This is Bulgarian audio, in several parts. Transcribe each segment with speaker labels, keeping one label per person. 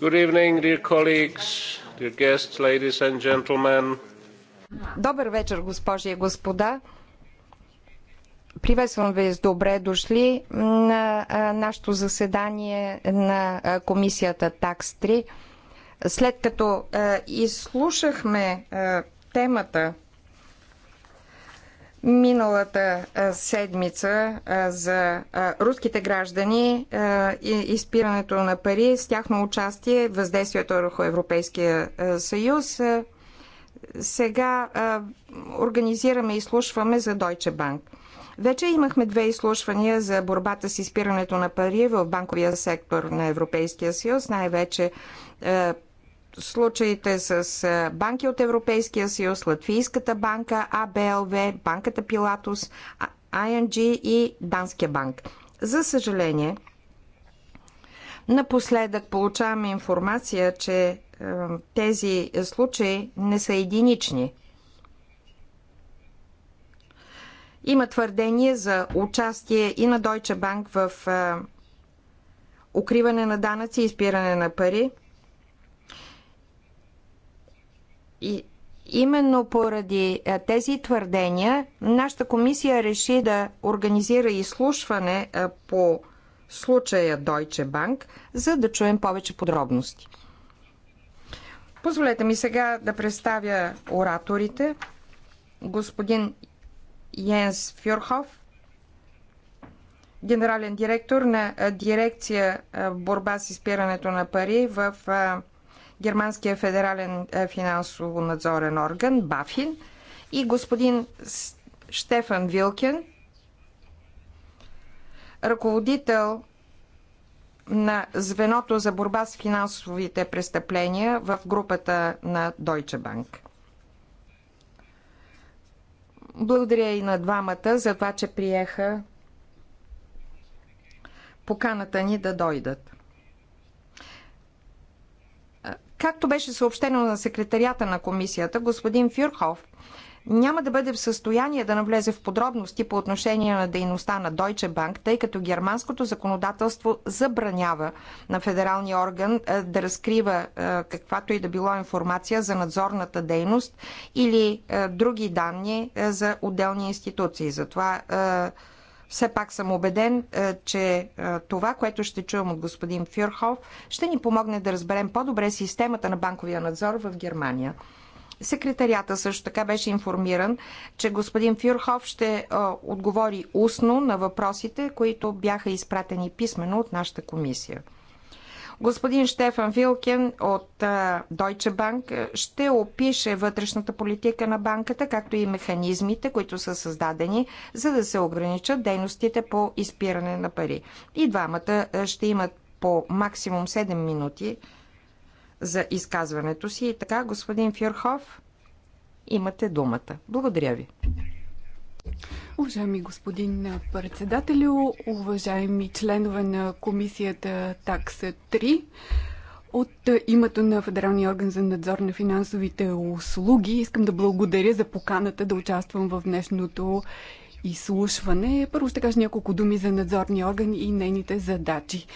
Speaker 1: Good evening, dear colleagues, dear guests, ladies and gentlemen.
Speaker 2: Добър вечер, госпожи и господа. Приветствам ви с добре дошли на нашето заседание на комисията tax 3. След като изслушахме темата миналата седмица за руските граждани и изпирането на пари с тяхно участие, въздействието върху Европейския съюз. Сега организираме и слушваме за Deutsche Bank. Вече имахме две изслушвания за борбата с изпирането на пари в банковия сектор на Европейския съюз, най-вече случаите с банки от Европейския съюз, Латвийската банка, АБЛВ, банката Пилатус, ING и Данския банк. За съжаление, напоследък получаваме информация, че тези случаи не са единични. Има твърдение за участие и на Deutsche Bank в укриване на данъци и изпиране на пари – И именно поради е, тези твърдения нашата комисия реши да организира изслушване е, по случая Deutsche Bank, за да чуем повече подробности. Позволете ми сега да представя ораторите. Господин Йенс Фюрхов, генерален директор на е, дирекция борба с изпирането на пари в Германския федерален е, финансово надзорен орган, Бафин, и господин Штефан Вилкен, ръководител на звеното за борба с финансовите престъпления в групата на Deutsche Bank. Благодаря и на двамата за това, че приеха поканата ни да дойдат. Както беше съобщено на секретарията на комисията, господин Фюрхов няма да бъде в състояние да навлезе в подробности по отношение на дейността на Deutsche Bank, тъй като германското законодателство забранява на федералния орган е, да разкрива е, каквато и да било информация за надзорната дейност или е, други данни за отделни институции. Затова все пак съм убеден, е, че е, това, което ще чуем от господин Фюрхов, ще ни помогне да разберем по-добре системата на банковия надзор в Германия. Секретарията също така беше информиран, че господин Фюрхов ще е, отговори устно на въпросите, които бяха изпратени писменно от нашата комисия. Господин Штефан Вилкен от Deutsche Bank ще опише вътрешната политика на банката, както и механизмите, които са създадени, за да се ограничат дейностите по изпиране на пари. И двамата ще имат по максимум 7 минути за изказването си. И така, господин Фюрхов, имате думата. Благодаря ви.
Speaker 3: Уважаеми господин председателю, уважаеми членове на комисията такса 3, от името на Федералния орган за надзор на финансовите услуги искам да благодаря за поканата да участвам в днешното изслушване. Първо ще кажа няколко думи за надзорния орган и нейните задачи.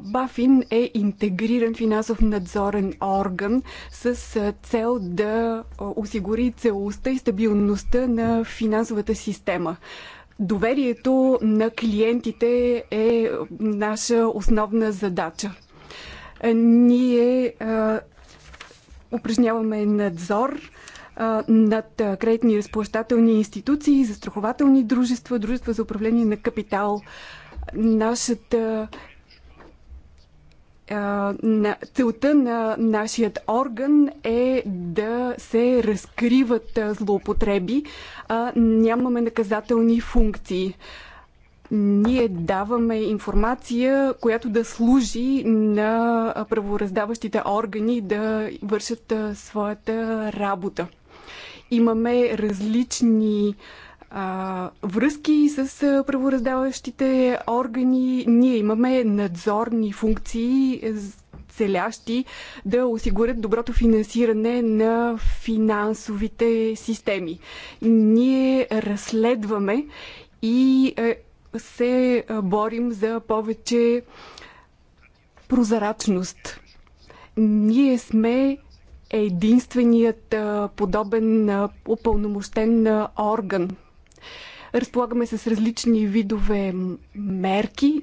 Speaker 3: Бафин е интегриран финансов надзорен орган с цел да осигури целостта и стабилността на финансовата система. Доверието на клиентите е наша основна задача. Ние упражняваме надзор над кредитни разплащателни институции, застрахователни дружества, дружества за управление на капитал. Нашата на, целта на нашият орган е да се разкриват злоупотреби, а нямаме наказателни функции. Ние даваме информация, която да служи на правораздаващите органи да вършат своята работа имаме различни а, връзки с правораздаващите органи. Ние имаме надзорни функции, е, целящи да осигурят доброто финансиране на финансовите системи. Ние разследваме и е, се борим за повече прозрачност. Ние сме е единственият подобен упълномощен орган. Разполагаме с различни видове мерки,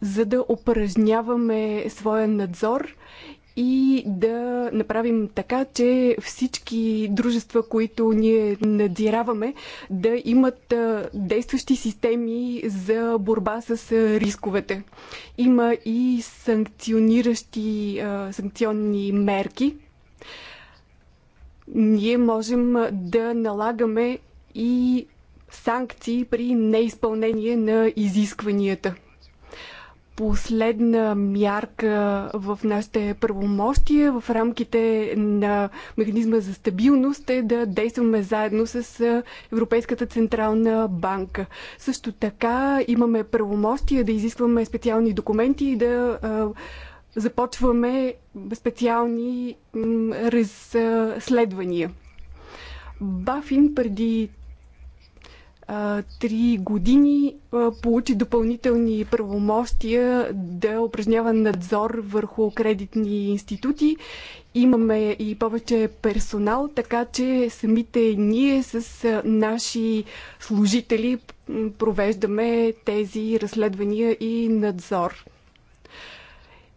Speaker 3: за да упражняваме своя надзор и да направим така, че всички дружества, които ние надзираваме, да имат действащи системи за борба с рисковете. Има и санкциониращи санкционни мерки ние можем да налагаме и санкции при неизпълнение на изискванията. Последна мярка в нашите правомощия в рамките на механизма за стабилност е да действаме заедно с Европейската централна банка. Също така имаме правомощия да изискваме специални документи и да започваме специални разследвания. Бафин преди три години получи допълнителни правомощия да упражнява надзор върху кредитни институти. Имаме и повече персонал, така че самите ние с наши служители провеждаме тези разследвания и надзор.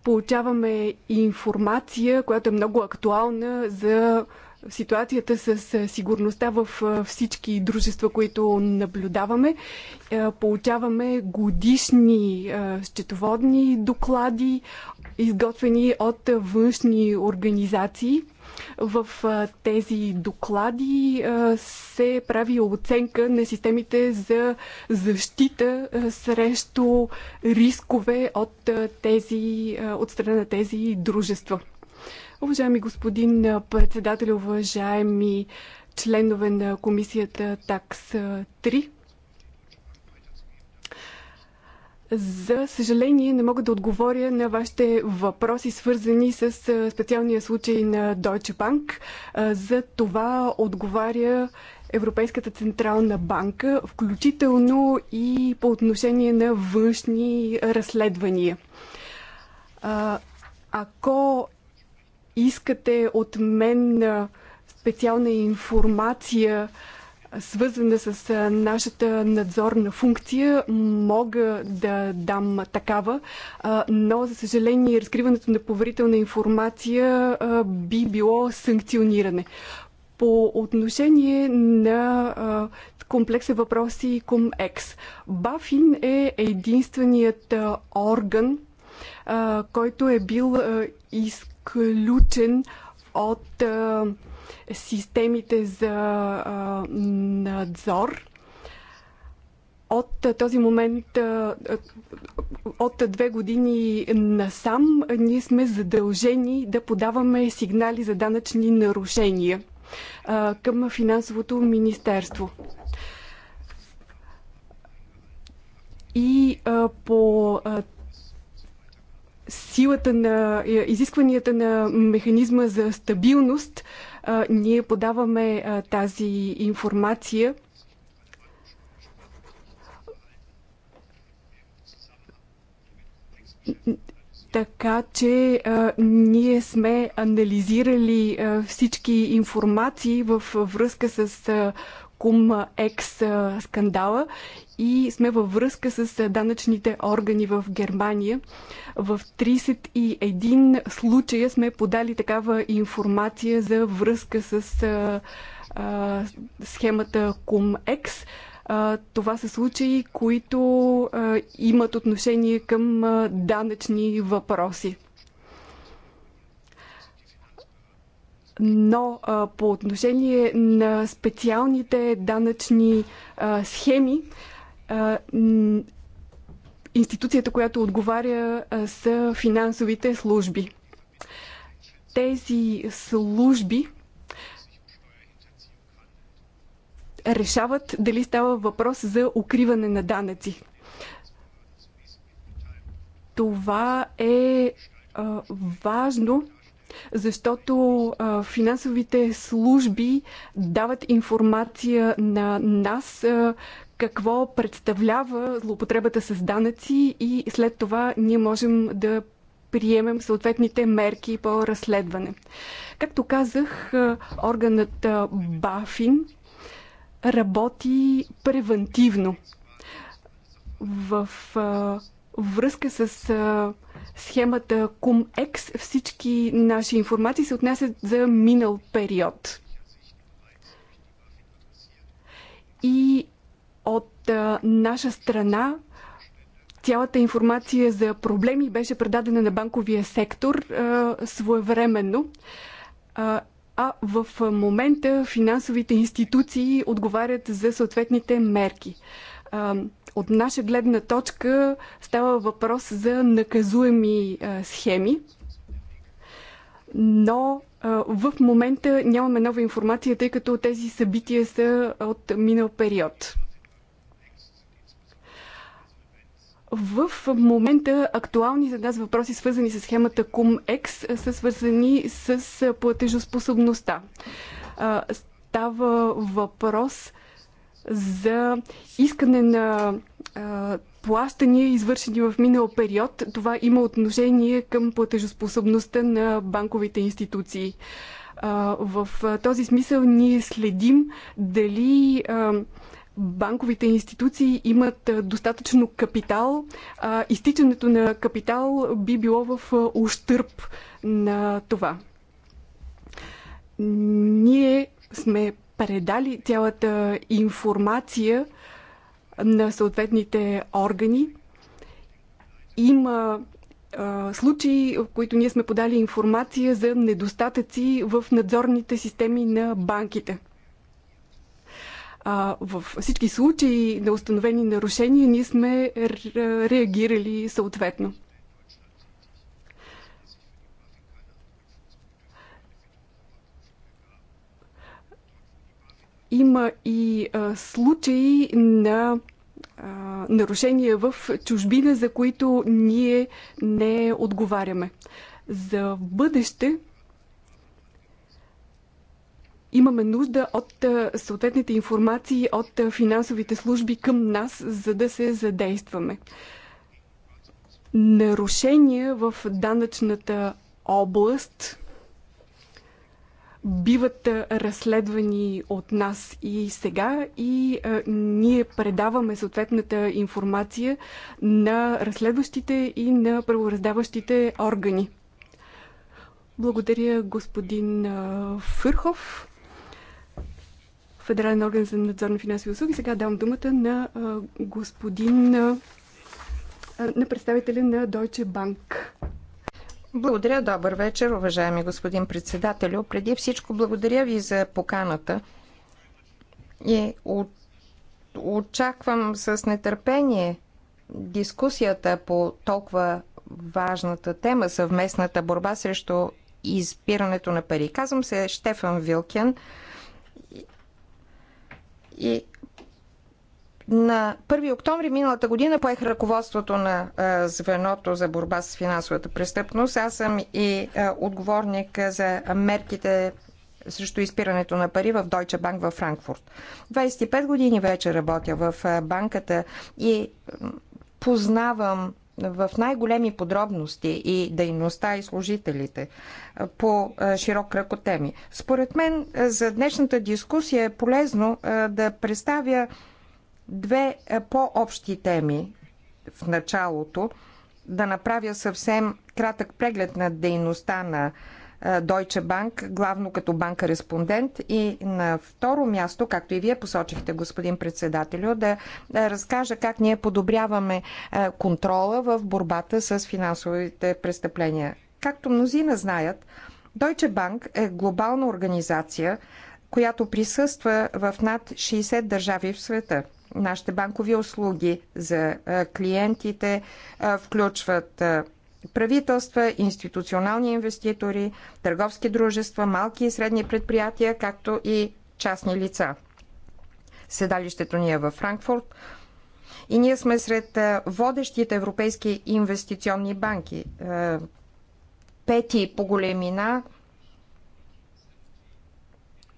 Speaker 3: Получаваме информация, която е много актуална за ситуацията с сигурността в всички дружества, които наблюдаваме. Е, получаваме годишни счетоводни доклади, изготвени от външни организации – в тези доклади се прави оценка на системите за защита срещу рискове от, тези, от страна на тези дружества. Уважаеми господин председател, уважаеми членове на комисията ТАКС 3, За съжаление, не мога да отговоря на вашите въпроси, свързани с специалния случай на Deutsche Bank. За това отговаря Европейската централна банка, включително и по отношение на външни разследвания. Ако искате от мен специална информация, свързана с нашата надзорна функция. Мога да дам такава, но за съжаление разкриването на поверителна информация би било санкциониране. По отношение на комплекса въпроси към ЕКС. Бафин е единственият орган, който е бил изключен от системите за надзор. От този момент, от две години насам, ние сме задължени да подаваме сигнали за данъчни нарушения към финансовото министерство. И по силата на изискванията на механизма за стабилност, ние подаваме тази информация. Така че а, ние сме анализирали а, всички информации в връзка с а, кум екс скандала и сме във връзка с данъчните органи в Германия. В 31 случая сме подали такава информация за връзка с а, а, схемата Cum-Ex. Това са случаи, които а, имат отношение към данъчни въпроси. Но а, по отношение на специалните данъчни а, схеми, а, институцията, която отговаря, а, са финансовите служби. Тези служби решават дали става въпрос за укриване на данъци. Това е а, важно защото а, финансовите служби дават информация на нас а, какво представлява злоупотребата с данъци и след това ние можем да приемем съответните мерки по разследване. Както казах, органът Бафин работи превентивно в връзка с схемата CumEx всички наши информации се отнасят за минал период. И от а, наша страна цялата информация за проблеми беше предадена на банковия сектор а, своевременно. А, а в момента финансовите институции отговарят за съответните мерки. А, от наша гледна точка става въпрос за наказуеми а, схеми, но а, в момента нямаме нова информация, тъй като тези събития са от минал период. В момента актуални за нас въпроси, свързани с схемата CumEx, са свързани с платежоспособността. Става въпрос за искане на а, плащания, извършени в минал период. Това има отношение към платежоспособността на банковите институции. А, в а, този смисъл ние следим дали а, банковите институции имат достатъчно капитал. изтичането на капитал би било в ущърп на това. Ние сме предали цялата информация на съответните органи. Има а, случаи, в които ние сме подали информация за недостатъци в надзорните системи на банките. А, във всички случаи на установени нарушения ние сме реагирали съответно. Има и а, случаи на а, нарушения в чужбина, за които ние не отговаряме. За бъдеще имаме нужда от съответните информации от финансовите служби към нас, за да се задействаме. Нарушения в данъчната област биват разследвани от нас и сега и а, ние предаваме съответната информация на разследващите и на правораздаващите органи. Благодаря господин а, Фърхов, Федерален орган за надзорни финансови услуги. Сега давам думата на а, господин а, на представителя на Deutsche Bank.
Speaker 2: Благодаря, добър вечер, уважаеми господин председателю. Преди всичко благодаря ви за поканата и очаквам с нетърпение дискусията по толкова важната тема съвместната борба срещу изпирането на пари. Казвам се Штефан Вилкен и на 1 октомври миналата година поех ръководството на звеното за борба с финансовата престъпност. Аз съм и отговорник за мерките срещу изпирането на пари в Deutsche Bank във Франкфурт. 25 години вече работя в банката и познавам в най-големи подробности и дейността и служителите по широк кръг от теми. Според мен за днешната дискусия е полезно да представя две е, по-общи теми в началото. Да направя съвсем кратък преглед на дейността на е, Deutsche Bank, главно като банка-респондент и на второ място, както и вие посочихте, господин председателю, да е, разкажа как ние подобряваме контрола в борбата с финансовите престъпления. Както мнозина знаят, Deutsche Bank е глобална организация, която присъства в над 60 държави в света – Нашите банкови услуги за клиентите включват правителства, институционални инвеститори, търговски дружества, малки и средни предприятия, както и частни лица. Седалището ни е във Франкфурт и ние сме сред водещите европейски инвестиционни банки. Пети по големина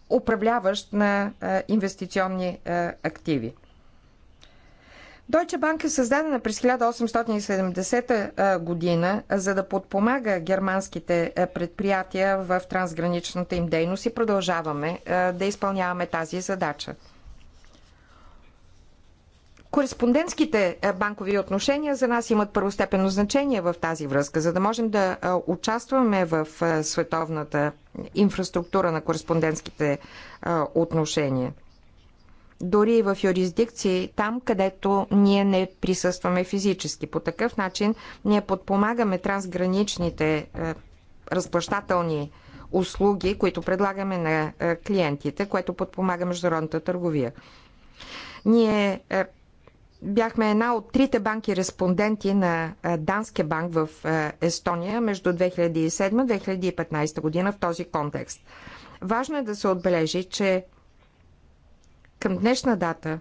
Speaker 2: управляващ на инвестиционни активи. Deutsche Bank е създадена през 1870 година, за да подпомага германските предприятия в трансграничната им дейност и продължаваме да изпълняваме тази задача. Кореспондентските банкови отношения за нас имат първостепенно значение в тази връзка, за да можем да участваме в световната инфраструктура на кореспондентските отношения дори и в юрисдикции, там където ние не присъстваме физически. По такъв начин ние подпомагаме трансграничните е, разплащателни услуги, които предлагаме на е, клиентите, което подпомага международната търговия. Ние е, бяхме една от трите банки респонденти на е, Данския банк в е, Естония между 2007-2015 година в този контекст. Важно е да се отбележи, че към днешна дата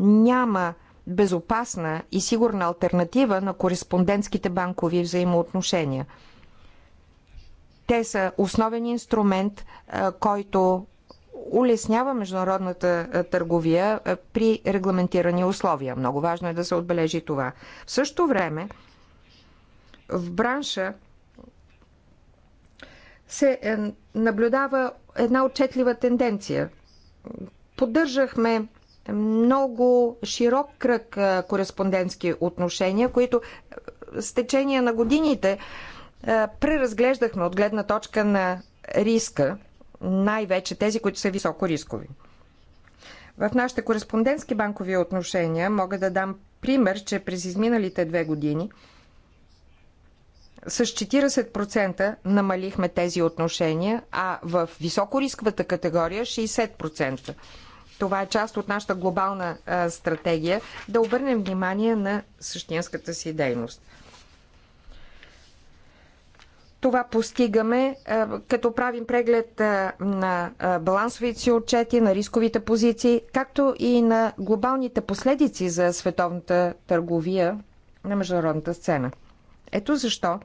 Speaker 2: няма безопасна и сигурна альтернатива на кореспондентските банкови взаимоотношения. Те са основен инструмент, който улеснява международната търговия при регламентирани условия. Много важно е да се отбележи това. В същото време в бранша се е, наблюдава една отчетлива тенденция Поддържахме много широк кръг кореспондентски отношения, които с течение на годините преразглеждахме от гледна точка на риска, най-вече тези, които са високо рискови. В нашите кореспондентски банкови отношения мога да дам пример, че през изминалите две години с 40% намалихме тези отношения, а в високорисковата категория 60% това е част от нашата глобална а, стратегия, да обърнем внимание на същинската си дейност. Това постигаме, а, като правим преглед а, на балансовите си отчети, на рисковите позиции, както и на глобалните последици за световната търговия на международната сцена. Ето защо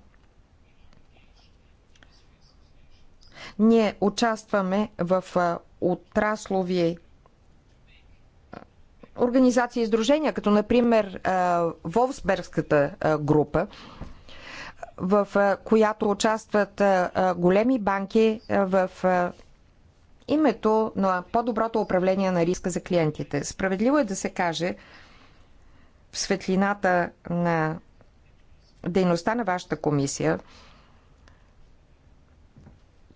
Speaker 2: ние участваме в отраслови организации и сдружения, като например Волсбергската група, в която участват големи банки в името на по-доброто управление на риска за клиентите. Справедливо е да се каже в светлината на дейността на вашата комисия,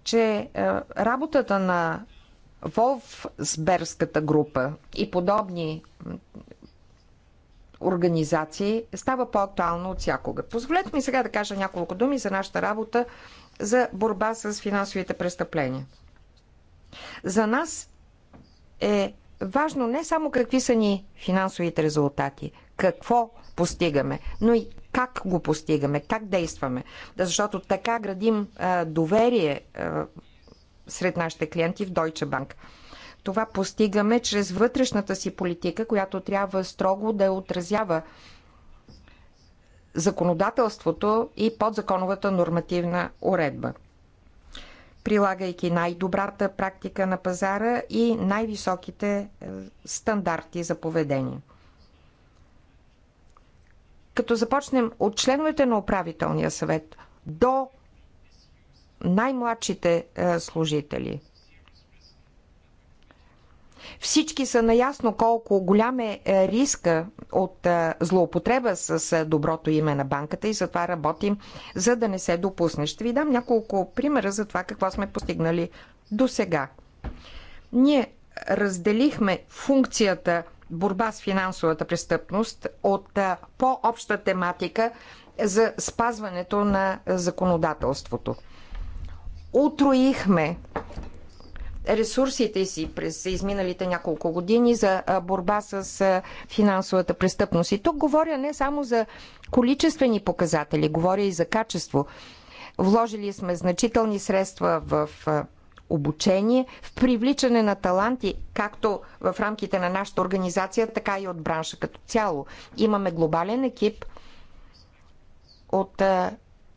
Speaker 2: че работата на Волфсбергската група и подобни организации става по-актуално от всякога. Позволете ми сега да кажа няколко думи за нашата работа за борба с финансовите престъпления. За нас е важно не само какви са ни финансовите резултати, какво постигаме, но и как го постигаме, как действаме. Защото така градим доверие сред нашите клиенти в Deutsche Bank. Това постигаме чрез вътрешната си политика, която трябва строго да отразява законодателството и подзаконовата нормативна уредба, прилагайки най-добрата практика на пазара и най-високите е, стандарти за поведение. Като започнем от членовете на управителния съвет до най-младшите е, служители. Всички са наясно колко голям е, е риска от е, злоупотреба с доброто име на банката и затова работим, за да не се допусне. Ще ви дам няколко примера за това какво сме постигнали до сега. Ние разделихме функцията борба с финансовата престъпност от по-обща тематика за спазването на законодателството утроихме ресурсите си през изминалите няколко години за борба с финансовата престъпност. И тук говоря не само за количествени показатели, говоря и за качество. Вложили сме значителни средства в обучение, в привличане на таланти, както в рамките на нашата организация, така и от бранша като цяло. Имаме глобален екип от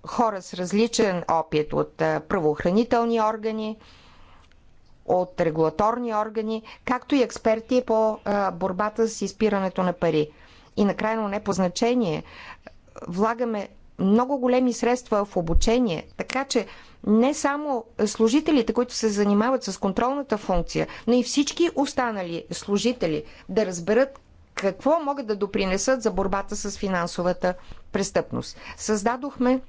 Speaker 2: хора с различен опит от правоохранителни органи, от регулаторни органи, както и експерти по борбата с изпирането на пари. И накрайно не по значение, влагаме много големи средства в обучение, така че не само служителите, които се занимават с контролната функция, но и всички останали служители да разберат какво могат да допринесат за борбата с финансовата престъпност. Създадохме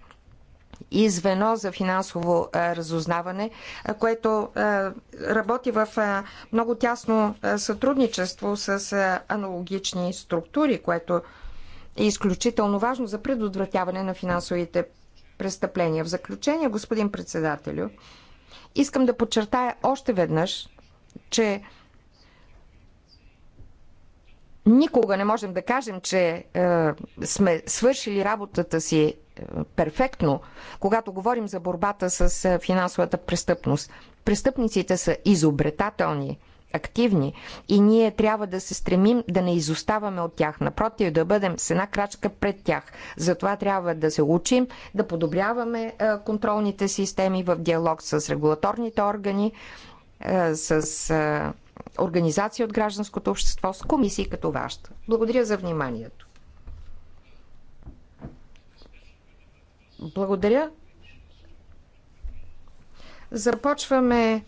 Speaker 2: и звено за финансово разузнаване, което работи в много тясно сътрудничество с аналогични структури, което е изключително важно за предотвратяване на финансовите престъпления. В заключение, господин председателю, искам да подчертая още веднъж, че никога не можем да кажем, че е, сме свършили работата си перфектно, когато говорим за борбата с е, финансовата престъпност. Престъпниците са изобретателни, активни и ние трябва да се стремим да не изоставаме от тях. Напротив, да бъдем с една крачка пред тях. Затова трябва да се учим, да подобряваме е, контролните системи в диалог с регулаторните органи, е, с организации от гражданското общество, с комисии като вашата. Благодаря за вниманието. Благодаря. Започваме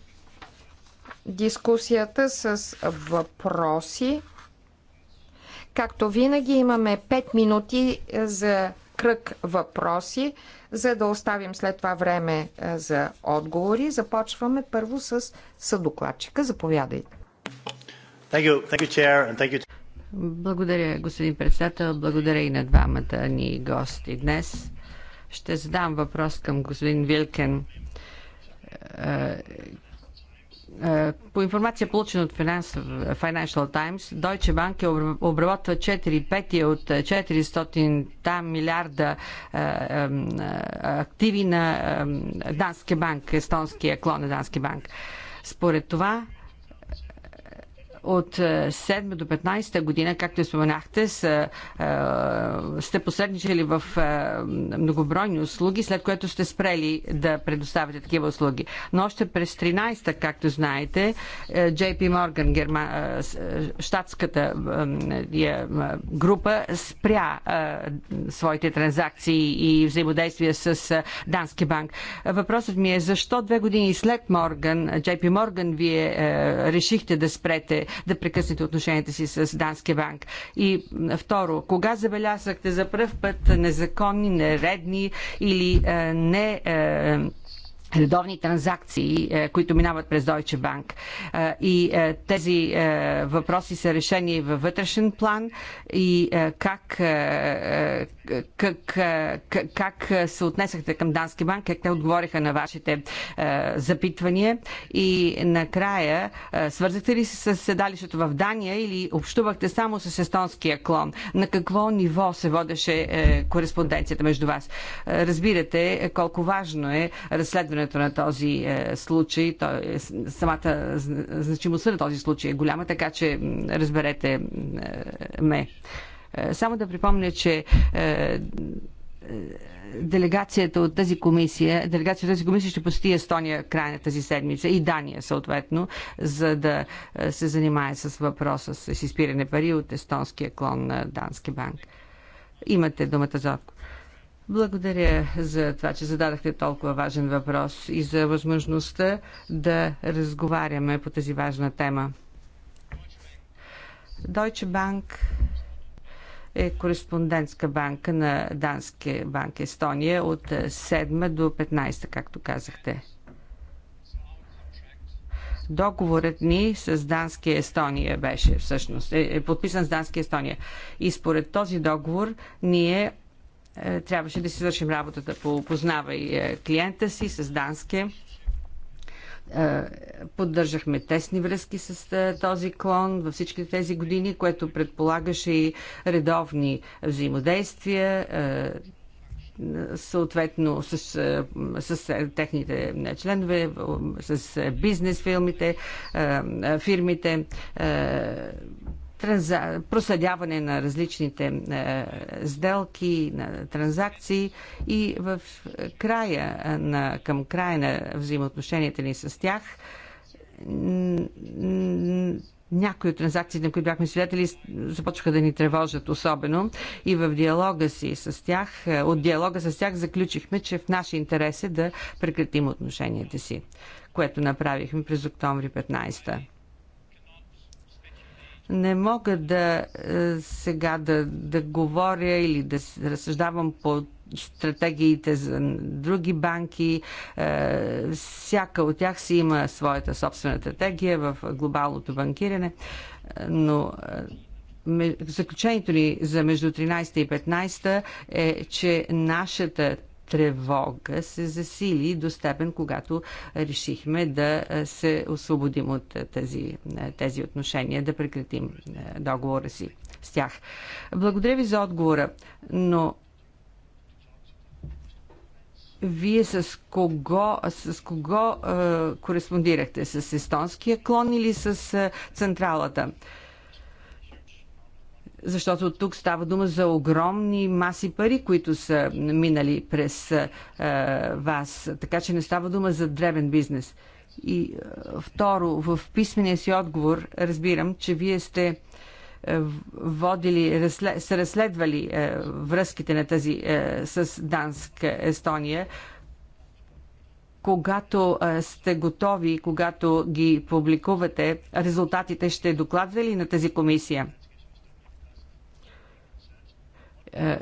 Speaker 2: дискусията с въпроси. Както винаги имаме 5 минути е, за кръг въпроси, за да оставим след това време е, за отговори. Започваме първо с съдокладчика. Заповядайте. Благодаря,
Speaker 4: господин председател. Благодаря и на двамата ни гости днес. Ще задам въпрос към господин Вилкен. Е, е, по информация получена от Financial Times, Deutsche Bank е обработва 4 пети от 400 милиарда е, активи на Дански банк, естонския клон на Дански банк. Според това, от 7 е, до 15 година, както споменахте, са, е, сте посредничали в е, многобройни услуги, след което сте спрели да предоставяте такива услуги. Но още през 13-та, както знаете, JP Morgan, герма, штатската група, спря своите транзакции и взаимодействия с Дански банк. Въпросът ми е защо две години след Морган, JP Morgan, вие решихте да спрете да прекъснете отношенията си с Данския банк? И второ, кога забелязахте за първ път незаконни, нередни или е, не е, редовни транзакции, е, които минават през Deutsche Bank. Е, и е, тези въпроси са решени във вътрешен план и как, как, как се отнесахте към Дански банк, как те отговориха на вашите запитвания и накрая свързахте ли се с седалището в Дания или общувахте само с естонския клон? На какво ниво се водеше кореспонденцията между вас? Разбирате колко важно е разследването разследването на този е, случай. То, е, самата значимостта на този случай е голяма, така че разберете е, ме. Е, само да припомня, че е, е делегацията от тази комисия, делегацията от тази комисия ще посети Естония края на тази седмица и Дания съответно, за да е, се занимае с въпроса с изпиране пари от естонския клон на Дански банк. Имате думата за отговор. Благодаря за това, че зададахте толкова важен въпрос и за възможността да разговаряме по тази важна тема. Deutsche Bank е кореспондентска банка на Данске банк Естония от 7 до 15, както казахте. Договорът ни с Дански Естония беше всъщност, е, е подписан с Дански Естония. И според този договор ние е, трябваше да си свършим работата по познавай е, клиента си с Данске. Е, поддържахме тесни връзки с този клон във всички тези години, което предполагаше и редовни взаимодействия, съответно с, с техните членове, с бизнес фирмите, фирмите транза... проследяване на различните е, сделки, на транзакции и в края е, на, към края на взаимоотношенията ни с тях някои от транзакциите, на които бяхме свидетели, започнаха да ни тревожат особено и в диалога си с тях, е, от диалога с тях заключихме, че в наши интерес е да прекратим отношенията си, което направихме през октомври 15-та. Не мога да е, сега да, да говоря или да разсъждавам по стратегиите за други банки. Е, всяка от тях си има своята собствена стратегия в глобалното банкиране, е, но заключението ни за между 13 и 15 е, че нашата тревога се засили до степен, когато решихме да се освободим от тези, тези отношения, да прекратим договора си с тях. Благодаря ви за отговора, но вие с кого, с кого е, кореспондирахте? С естонския клон или с е, централата? Е, защото тук става дума за огромни маси пари, които са минали през а, е, вас. Така че не става дума за дребен бизнес. И е, второ, в писмения си отговор разбирам, че вие сте е, водили, разслед, са разследвали а, връзките на тази а, с Данск Естония. Когато а, сте готови, когато ги публикувате, резултатите ще докладвали ли на тази комисия? Е,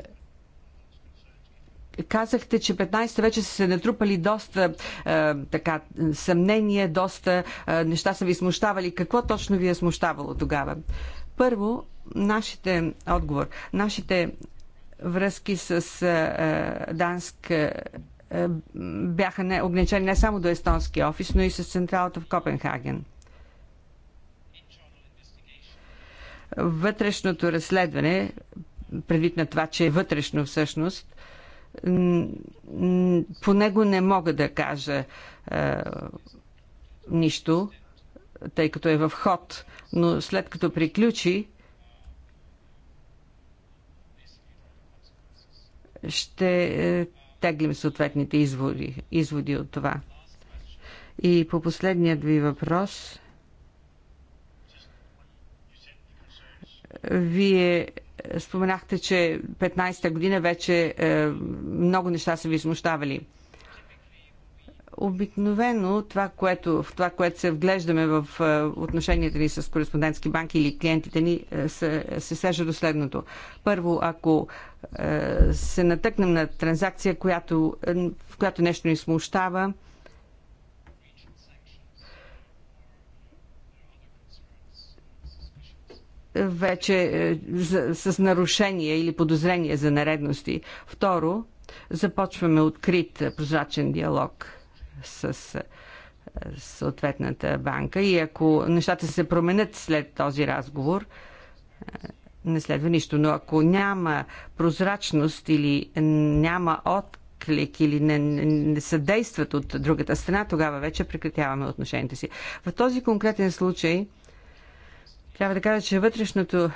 Speaker 4: казахте, че 15 вече са се натрупали доста е, така, съмнения, доста е, неща са ви смущавали. Какво точно ви е смущавало тогава? Първо, нашите отговор, нашите връзки с е, е Данск е, е, бяха не, ограничени не само до естонския офис, но и с централата в Копенхаген. Вътрешното разследване предвид на това, че е вътрешно всъщност, по него не мога да кажа е, нищо, тъй като е в ход, но след като приключи, ще е, теглим съответните изводи, изводи от това. И по последният ви въпрос, вие Споменахте, че 15-та година вече е, много неща са ви смущавали обикновено това, което, в това, което се вглеждаме в е, отношенията ни с кореспондентски банки или клиентите ни, е, се, се сежа до следното. Първо, ако се натъкнем на транзакция, която, в която нещо ни смущава, вече е, с нарушения или подозрения за наредности. Второ, започваме открит прозрачен диалог с е, съответната банка и ако нещата се променят след този разговор, е, не следва нищо. Но ако няма прозрачност или няма отклик или не, не, не съдействат от другата страна, тогава вече прекратяваме отношенията си. В този конкретен случай трябва да кажа, че вътрешното е,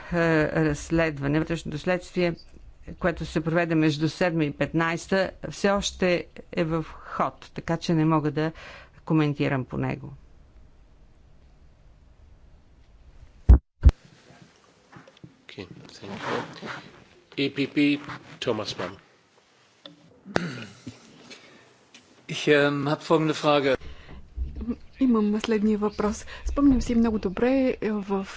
Speaker 4: разследване, вътрешното следствие, което се проведе между 7 и 15, все още е в ход, така че не мога да коментирам по него.
Speaker 1: EPP, Thomas Mann. Ich ähm, habe folgende Frage.
Speaker 3: Имам следния въпрос. Спомням си много добре е, в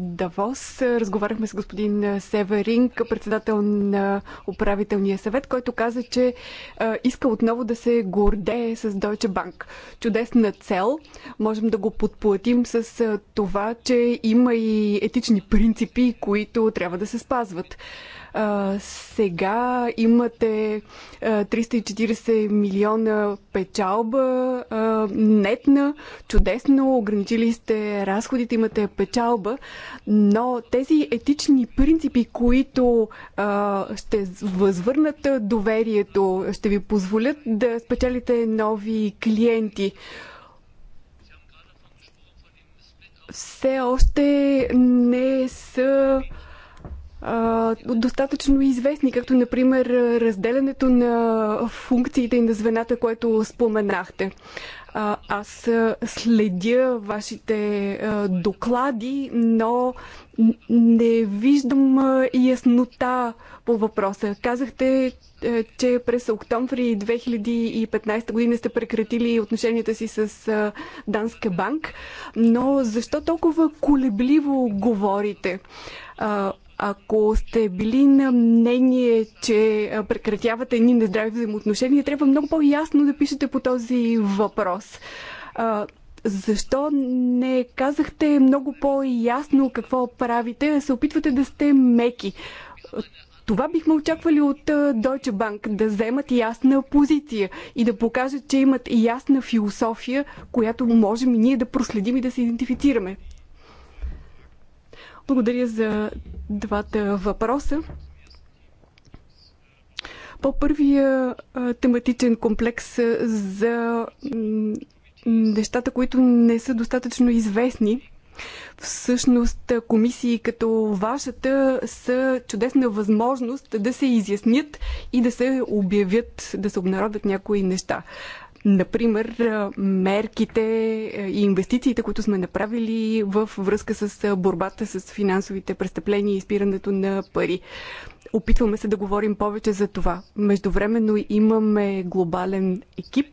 Speaker 3: Давос. Е, разговаряхме с господин Северинг, председател на управителния съвет, който каза, че иска отново да се гордее с Deutsche Bank. Чудесна цел. Можем да го подплатим с това, че има и етични принципи, които трябва да се спазват. А, сега имате а, 340 милиона печалба а, нетна. Чудесно, ограничили сте разходите, имате печалба, но тези етични принципи, които а, ще възвърнат доверието, ще ви позволят да спечелите нови клиенти все още не са достатъчно известни, като например разделянето на функциите и на звената, което споменахте. Аз следя вашите доклади, но не виждам яснота по въпроса. Казахте, че през октомври 2015 година сте прекратили отношенията си с Данска банк, но защо толкова колебливо говорите? Ако сте били на мнение, че прекратявате едни нездрави взаимоотношения, трябва много по-ясно да пишете по този въпрос. Защо не казахте много по-ясно какво правите, а се опитвате да сте меки? Това бихме очаквали от Deutsche Bank да вземат ясна позиция и да покажат, че имат ясна философия, която можем и ние да проследим и да се идентифицираме. Благодаря за двата въпроса. По първия тематичен комплекс за нещата, които не са достатъчно известни, Всъщност комисии като вашата са чудесна възможност да се изяснят и да се обявят, да се обнародват някои неща. Например, мерките и инвестициите, които сме направили в връзка с борбата с финансовите престъпления и спирането на пари. Опитваме се да говорим повече за това. Междувременно имаме глобален екип.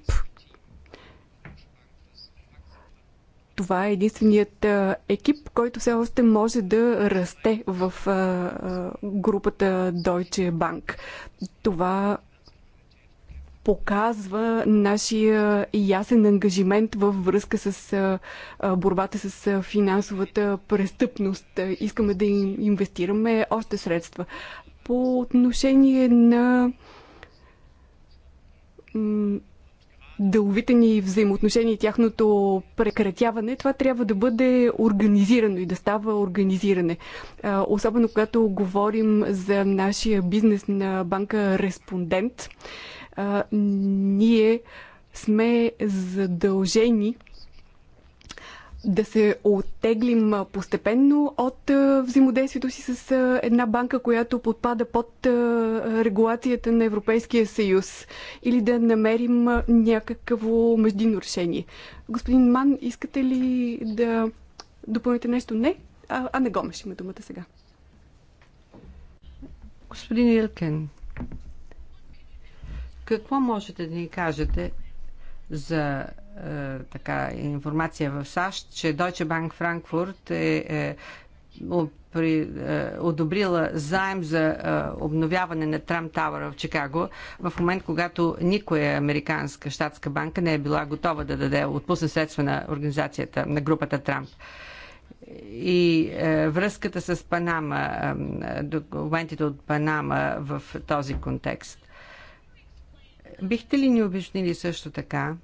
Speaker 3: Това е единственият екип, който все още може да расте в групата Deutsche Bank. Това показва нашия ясен ангажимент във връзка с борбата с финансовата престъпност. Искаме да инвестираме още средства. По отношение на дълговите ни взаимоотношения и тяхното прекратяване, това трябва да бъде организирано и да става организиране. Особено когато говорим за нашия бизнес на банка Респондент а, ние сме задължени да се оттеглим постепенно от взаимодействието си с една банка, която подпада под регулацията на Европейския съюз или да намерим някакво междинно решение. Господин Ман, искате ли да допълните нещо? Не? А, не Гомеш има думата сега.
Speaker 4: Господин Илкен, какво можете да ни кажете за е, така информация в САЩ, че Deutsche Bank Frankfurt е, е при, е, одобрила заем за е, обновяване на Трамп Тауър в Чикаго, в момент, когато никоя американска щатска банка не е била готова да даде отпусна средства на организацията, на групата Трамп. И е, връзката с Панама, е, документите от Панама в този контекст. Бихте ли ни обяснили също така,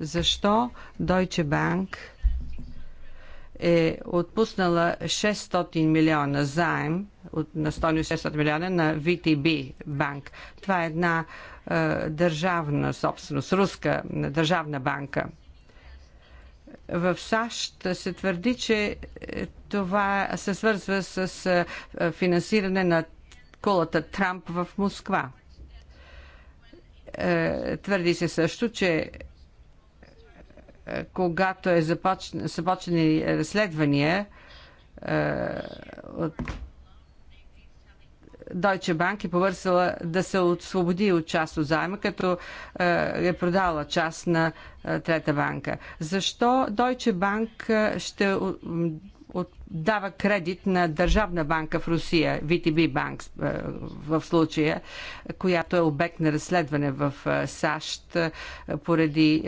Speaker 4: защо Deutsche Bank е отпуснала 600 милиона заем от, на стойност 600 милиона на VTB банк. Това е една е, държавна собственост, руска държавна банка. В САЩ се твърди, че е, това се свързва с е, финансиране на колата Трамп в Москва. Е, твърди се също, че е, когато е започнали разследвания е, от Deutsche Bank е повърсала да се освободи от част от заема, като е продала част на трета банка. Защо Deutsche Bank ще от, дава кредит на Държавна банка в Русия, VTB банк е, в случая, която е обект на разследване в е, САЩ е, поради,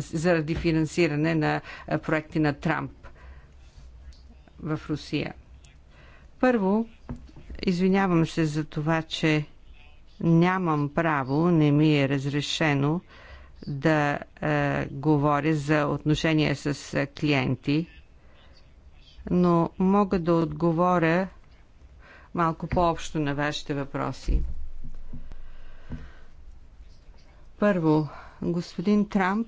Speaker 4: заради финансиране на проекти на Трамп в Русия. Първо, извинявам се за това, че нямам право, не ми е разрешено да е, говоря за отношения с клиенти но мога да отговоря малко по-общо на вашите въпроси. Първо, господин Трамп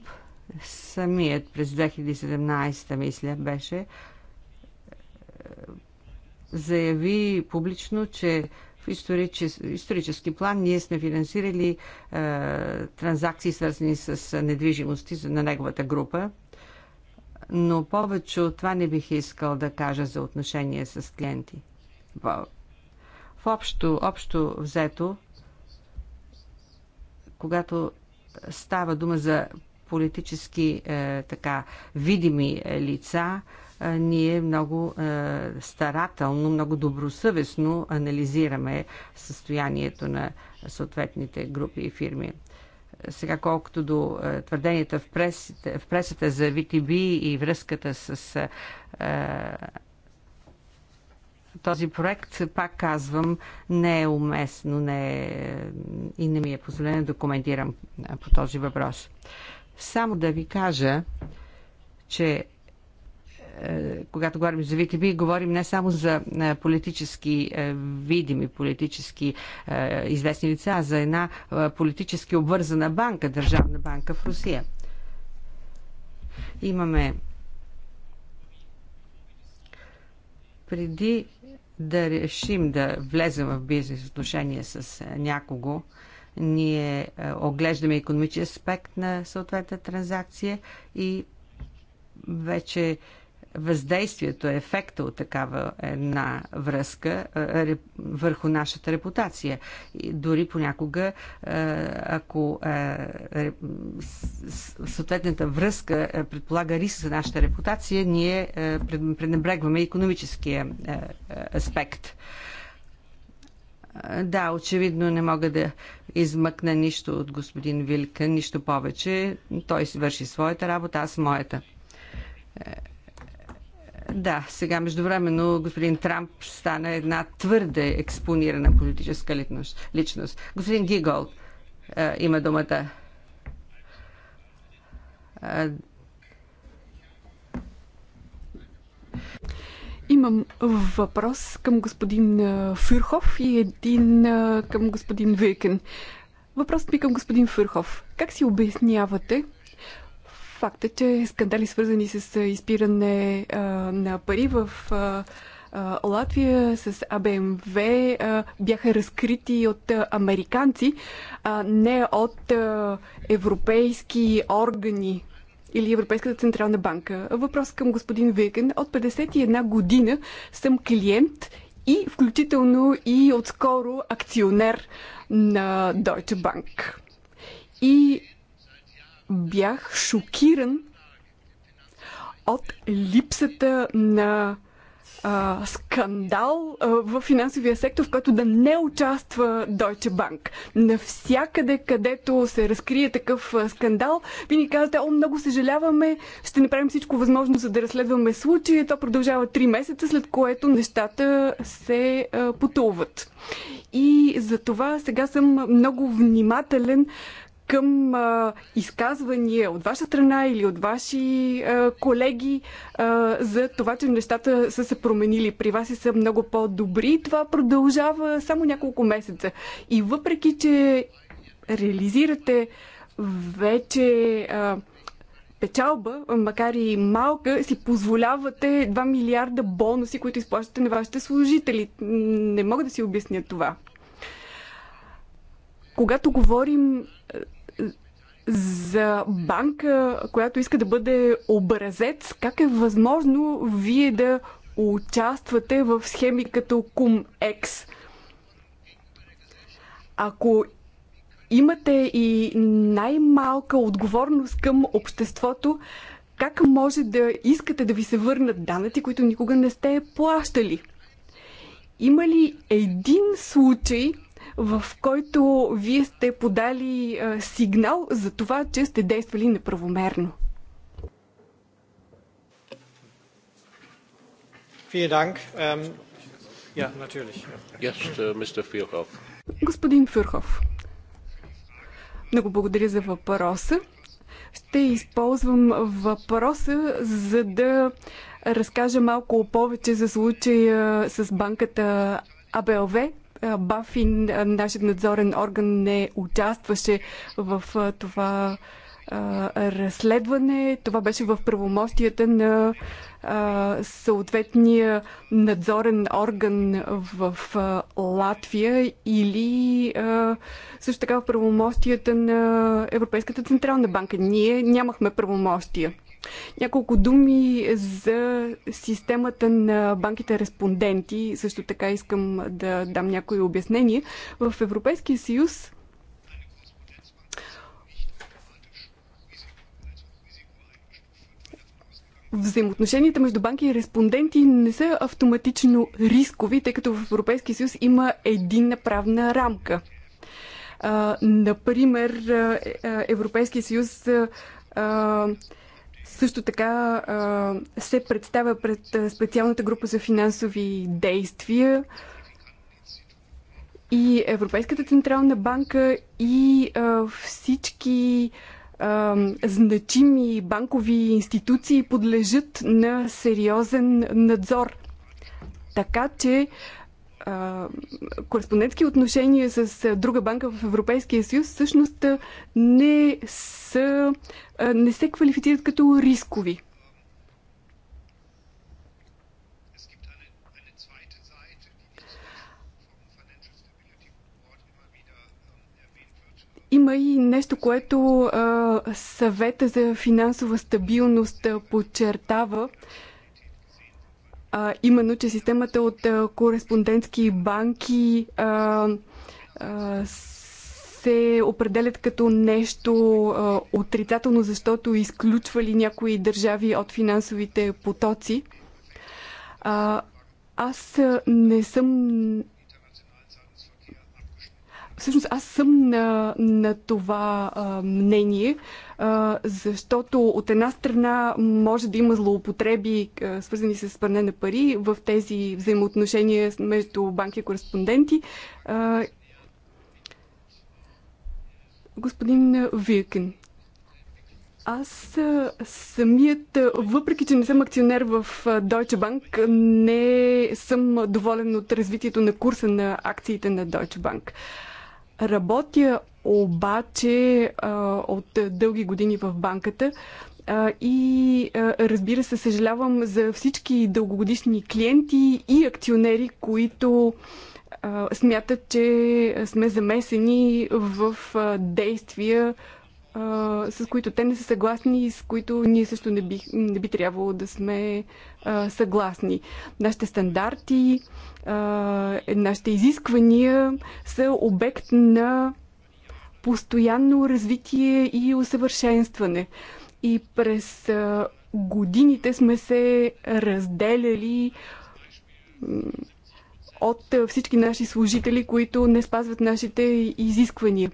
Speaker 4: самият през 2017, мисля, беше е, заяви публично, че в исторически, исторически план ние сме финансирали е, транзакции, свързани с е, недвижимости на неговата група но повече от това не бих искал да кажа за отношение с клиенти. В общо, общо взето, когато става дума за политически е, така видими е, лица, е, ние много е, старателно, много добросъвестно анализираме състоянието на съответните групи и фирми. Сега колкото до е, твърденията в, пресите, в пресата за ВТБ и връзката с е, този проект, пак казвам, не е уместно не е, и не ми е позволено да коментирам е, по този въпрос. Само да ви кажа, че е, когато говорим за ВКБ, говорим не само за е, политически е, видими, политически известни лица, а за една политически обвързана банка, държавна банка в Русия. Имаме преди да решим да влезем в бизнес отношения с някого, ние оглеждаме економически аспект на съответната транзакция и вече въздействието, ефекта от такава една връзка върху нашата репутация. И дори понякога, ако съответната връзка предполага риск за нашата репутация, ние пренебрегваме економическия аспект. Да, очевидно не мога да измъкна нищо от господин Вилка, нищо повече. Той си върши своята работа, аз моята да, сега междувременно господин Трамп стана една твърде експонирана политическа личност. Господин Гигол е, има думата.
Speaker 3: Е, Имам въпрос към господин е, Фюрхов и един е, към господин Вейкен. Въпросът ми към господин Фюрхов. Как си обяснявате, факта, че скандали свързани с изпиране а, на пари в а, Латвия с АБМВ а, бяха разкрити от американци, а не от а, европейски органи или Европейската централна банка. Въпрос към господин Викен. От 51 година съм клиент и включително и отскоро акционер на Deutsche Bank. И бях шокиран от липсата на а, скандал а, в финансовия сектор, в който да не участва Deutsche Bank. Навсякъде, където се разкрие такъв а, скандал, ни казвате, о, много съжаляваме, ще направим всичко възможно, за да разследваме случая. То продължава 3 месеца, след което нещата се а, потулват. И за това сега съм много внимателен към а, изказвания от ваша страна или от ваши а, колеги а, за това, че нещата са се променили при вас и са много по-добри. Това продължава само няколко месеца. И въпреки, че реализирате вече а, печалба, макар и малка, си позволявате 2 милиарда бонуси, които изплащате на вашите служители. Не мога да си обясня това. Когато говорим за банка, която иска да бъде образец, как е възможно вие да участвате в схеми като CumEx? Ако имате и най-малка отговорност към обществото, как може да искате да ви се върнат данъци, които никога не сте плащали? Има ли един случай, в който вие сте подали сигнал за това, че сте действали неправомерно.
Speaker 1: Ähm, uh,
Speaker 3: Господин Фюрхов, много благодаря за въпроса. Ще използвам въпроса, за да разкажа малко повече за случая с банката АБЛВ, е, Бафин, е, нашият надзорен орган, не участваше в е, това разследване. Това беше в правомощията на съответния надзорен орган в Латвия или също така в правомощията на Европейската централна банка. Ние нямахме правомощия. Няколко думи за системата на банките респонденти. Също така искам да дам някои обяснения. В Европейския съюз Взаимоотношенията между банки и респонденти не са автоматично рискови, тъй като в Европейския съюз има единна правна рамка. например, Европейския съюз също така се представя пред специалната група за финансови действия и Европейската централна банка и всички значими банкови институции подлежат на сериозен надзор. Така че кореспондентски отношения с друга банка в Европейския съюз всъщност не, са, не се квалифицират като рискови. Има и нещо, което а, съвета за финансова стабилност подчертава. А, а, именно, че системата от а, кореспондентски банки а, а, се определят като нещо а, отрицателно, защото изключвали някои държави от финансовите потоци. А, аз не съм Всъщност аз съм на, на това а, мнение, а, защото от една страна може да има злоупотреби, а, свързани с пране на пари в тези взаимоотношения между банки и кореспонденти. А, господин Вилкин, аз самият, въпреки че не съм акционер в Deutsche Bank, не съм доволен от развитието на курса на акциите на Deutsche Bank. Работя обаче а, от дълги години в банката а, и а, разбира се, съжалявам за всички дългогодишни клиенти и акционери, които а, смятат, че сме замесени в а, действия, с които те не са съгласни и с които ние също не би, не би трябвало да сме а, съгласни. Нашите стандарти, а, нашите изисквания са обект на постоянно развитие и усъвършенстване. И през а, годините сме се разделяли от всички наши служители, които не спазват нашите изисквания.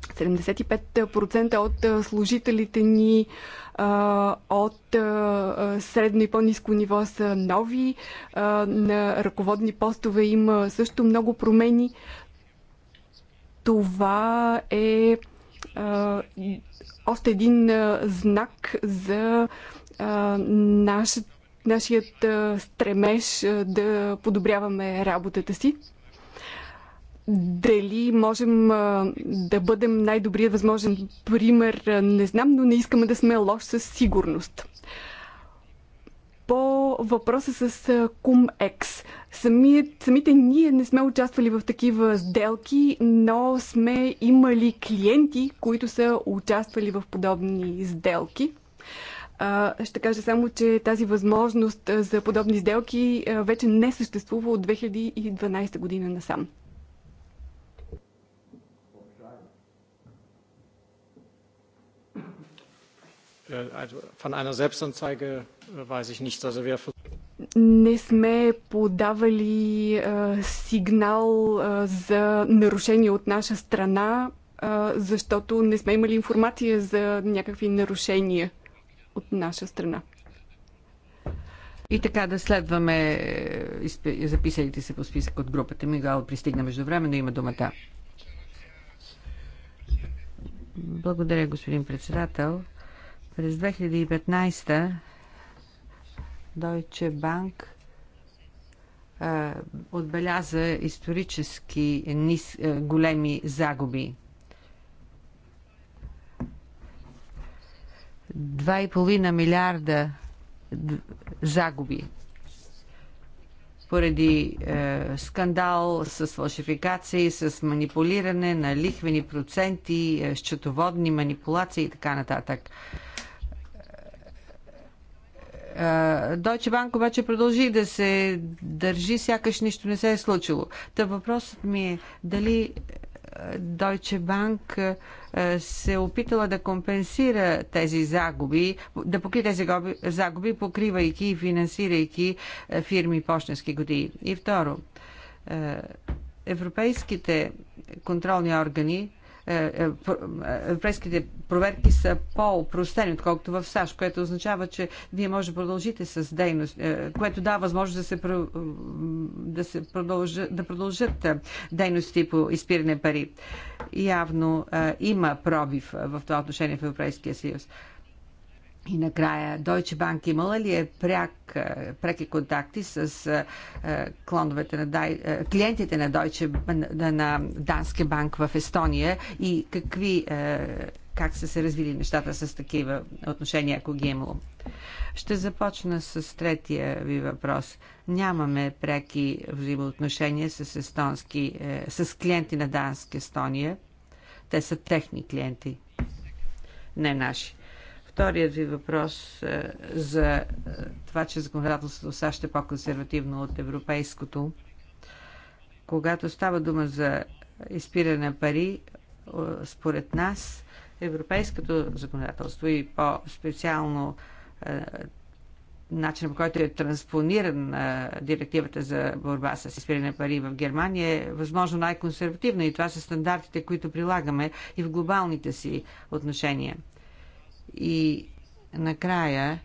Speaker 3: 75% от служителите ни от средно и по-низко ниво са нови. На ръководни постове има също много промени. Това е още един знак за нашият стремеж да подобряваме работата си дали можем да бъдем най-добрият възможен пример, не знам, но не искаме да сме лош със сигурност. По въпроса с CumEx. Самият, самите ние не сме участвали в такива сделки, но сме имали клиенти, които са участвали в подобни сделки. Ще кажа само, че тази възможност за подобни сделки вече не съществува от 2012 година насам.
Speaker 1: Äh, von einer Selbstanzeige äh, weiß ich nichts. Also wir
Speaker 3: не сме подавали а, э, сигнал а, э, за нарушение от наша страна, а, э, защото не сме имали информация за някакви нарушения от наша страна.
Speaker 4: И така да следваме записалите се по списък от групата. Мигал пристигна между време, но има думата. Благодаря, господин председател. През 2015 Deutsche Bank а, отбеляза исторически нис, а, големи загуби. 2,5 милиарда загуби поради е, скандал с фалшификации, с манипулиране на лихвени проценти, е, счетоводни манипулации и така нататък. Е, Deutsche Bank обаче продължи да се държи, сякаш нищо не се е случило. Та въпросът ми е дали Deutsche Bank се е опитала да компенсира тези загуби, да покри тези загуби, покривайки и финансирайки фирми почтенски години. И второ, европейските контролни органи е, е, е, европейските проверки са по-простени, отколкото в САЩ, което означава, че вие може да продължите с дейност, което дава възможност да се, да се продължат, да продължат дейности по изпиране пари. Явно има пробив в това отношение в Европейския съюз. И накрая, Deutsche Bank имала ли е пряк, е, преки контакти с е, е, клоновете на, клиентите на, Deutsche, на Данске банк в Естония и какви, как са се развили нещата с такива отношения, ако ги е имало? Ще започна с третия ви въпрос. Нямаме преки взаимоотношения с, естонски, с клиенти на Дански Естония. Те са техни клиенти, не наши. Вторият ви въпрос е, за е, това, че законодателството в САЩ е по-консервативно от европейското. Когато става дума за изпиране на пари, е, според нас европейското законодателство и по-специално начинът по който е транспониран а, директивата за борба с изпиране на пари в Германия е възможно най-консервативна и това са стандартите, които прилагаме и в глобалните си отношения. И накрая,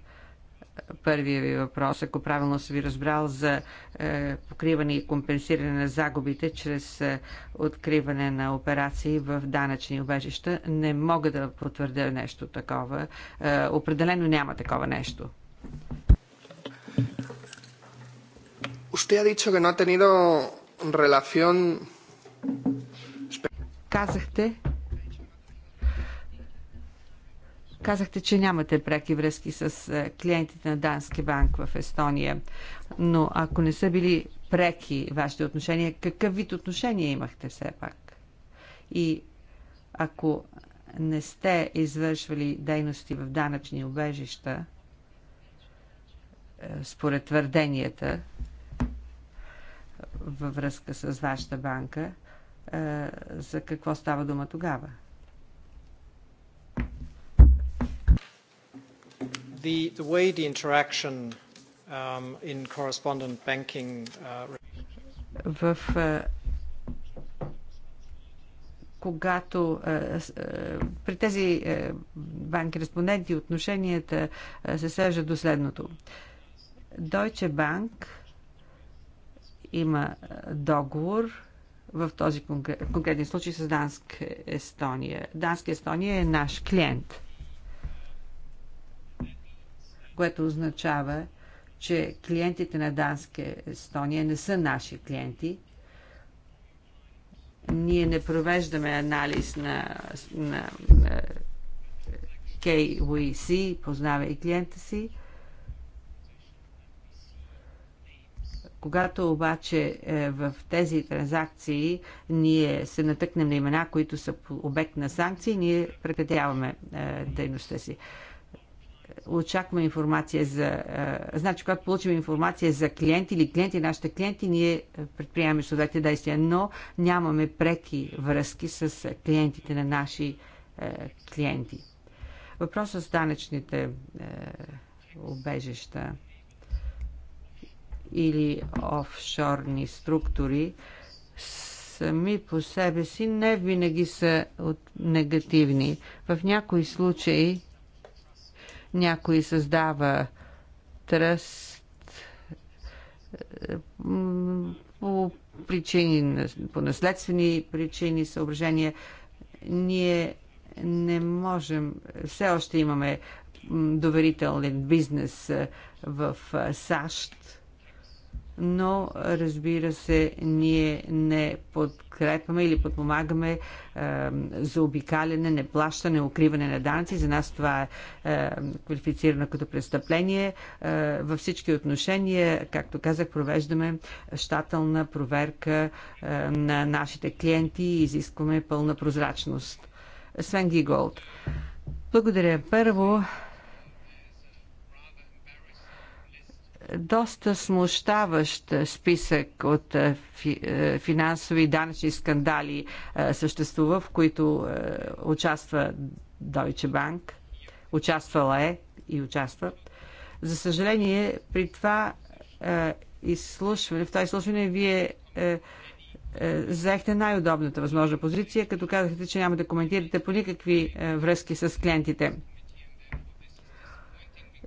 Speaker 4: първия ви въпрос, ако правилно съм ви разбрал, за е, покриване и компенсиране на загубите чрез е, откриване на операции в данъчни обежища. Не мога да потвърдя нещо такова. Е, определено няма такова нещо.
Speaker 1: Usted ha dicho que no ha tenido relación. Казахте,
Speaker 4: Казахте, че нямате преки връзки с е, клиентите на Дански банк в Естония, но ако не са били преки вашите отношения, какъв вид отношения имахте все пак? И ако не сте извършвали дейности в данъчни обежища, е, според твърденията във връзка с вашата банка, е, за какво става дума тогава?
Speaker 1: The, way the interaction um, in correspondent banking uh,
Speaker 4: в uh, когато uh, при тези банки респонденти отношенията се свежат до следното. Deutsche Bank има договор в този конкретен случай с Данск Естония. Данск Естония е наш клиент което означава, че клиентите на Данска Естония не са наши клиенти. Ние не провеждаме анализ на, на, на KYC, познава и клиента си. Когато обаче е, в тези транзакции ние се натъкнем на имена, които са обект на санкции, ние прекратяваме е, дейността си очакваме информация за... Значи, когато получим информация за клиенти или клиенти, нашите клиенти, ние предприемаме съответните действия, но нямаме преки връзки с клиентите на наши клиенти. Въпросът с данъчните обежища или офшорни структури сами по себе си не винаги са от негативни. В някои случаи някой създава тръст е, по причини, по наследствени причини, съображения. Ние не можем, все още имаме доверителен бизнес е, в е, САЩ но разбира се, ние не подкрепяме или подпомагаме е, за обикаляне, неплащане, укриване на данци. За нас това е, квалифицирано като престъпление. Е, във всички отношения, както казах, провеждаме щателна проверка е, на нашите клиенти и изискваме пълна прозрачност. Свен Гиголд. Благодаря. Първо, доста смущаващ е, списък от е, е, финансови и данъчни скандали съществува, в които участва Deutsche Bank. Участвала е и участва. За съжаление, при това изслушване, в това изслушване вие заехте най-удобната възможна позиция, като казахте, че няма да коментирате по никакви връзки с клиентите.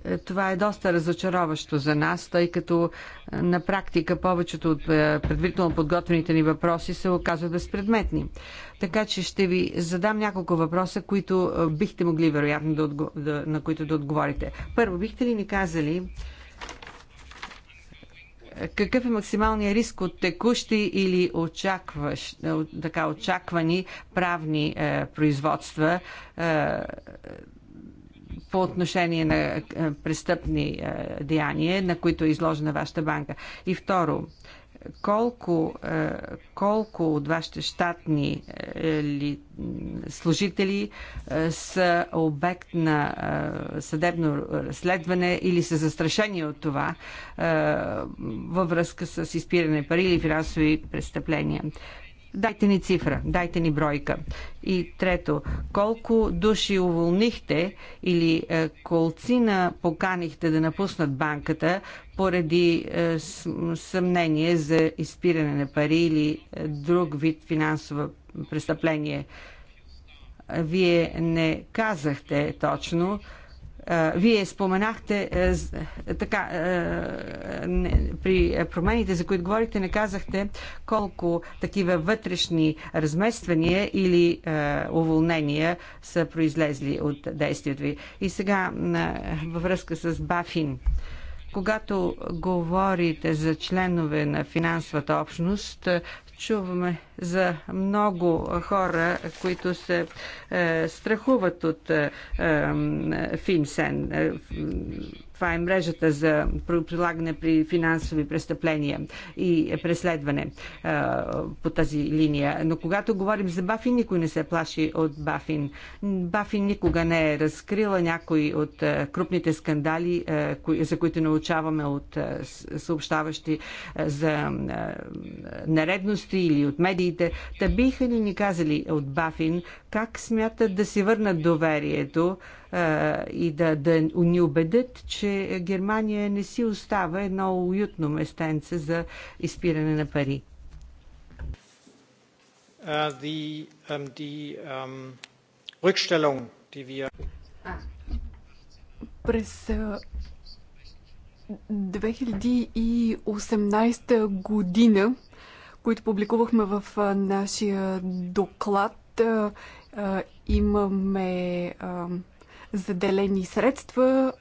Speaker 4: Е, това е доста разочароващо за нас, тъй като е, на практика повечето от е, предварително подготвените ни въпроси се оказват безпредметни. Така че ще ви задам няколко въпроса, които бихте могли вероятно да отго... да... на които да отговорите. Първо, бихте ли ни казали какъв е максималният риск от текущи или очакваш, така, очаквани правни е, производства е, по отношение на е, престъпни е, деяния, на които е изложена вашата банка? И второ, колко, е, колко от вашите щатни служители са обект на съдебно разследване или са застрашени от това във връзка с изпиране пари или финансови престъпления. Дайте ни цифра, дайте ни бройка. И трето, колко души уволнихте или е, колцина поканихте да напуснат банката поради е, съмнение за изпиране на пари или е, друг вид финансово престъпление? Вие не казахте точно, вие споменахте е, така, е, при промените, за които говорите, не казахте колко такива вътрешни размествания или е, уволнения са произлезли от действието ви. И сега във връзка с Бафин когато говорите за членове на финансовата общност, чуваме за много хора, които се е, страхуват от е, е Финсен. Е, това е мрежата за прилагане при финансови престъпления и преследване е, по тази линия. Но когато говорим за Бафин, никой не се плаши от Бафин. Бафин никога не е разкрила някой от е, крупните скандали, е, кои, за които научаваме от е, съобщаващи е, за е, нередности или от медии медиите. Та биха ли ни казали от Бафин как смятат да си върнат доверието а, и да, да ни убедят, че Германия не си остава едно уютно местенце за изпиране на пари?
Speaker 1: Uh, the, um, the, um,
Speaker 3: През 2018 година които публикувахме в нашия доклад. Имаме заделени средства,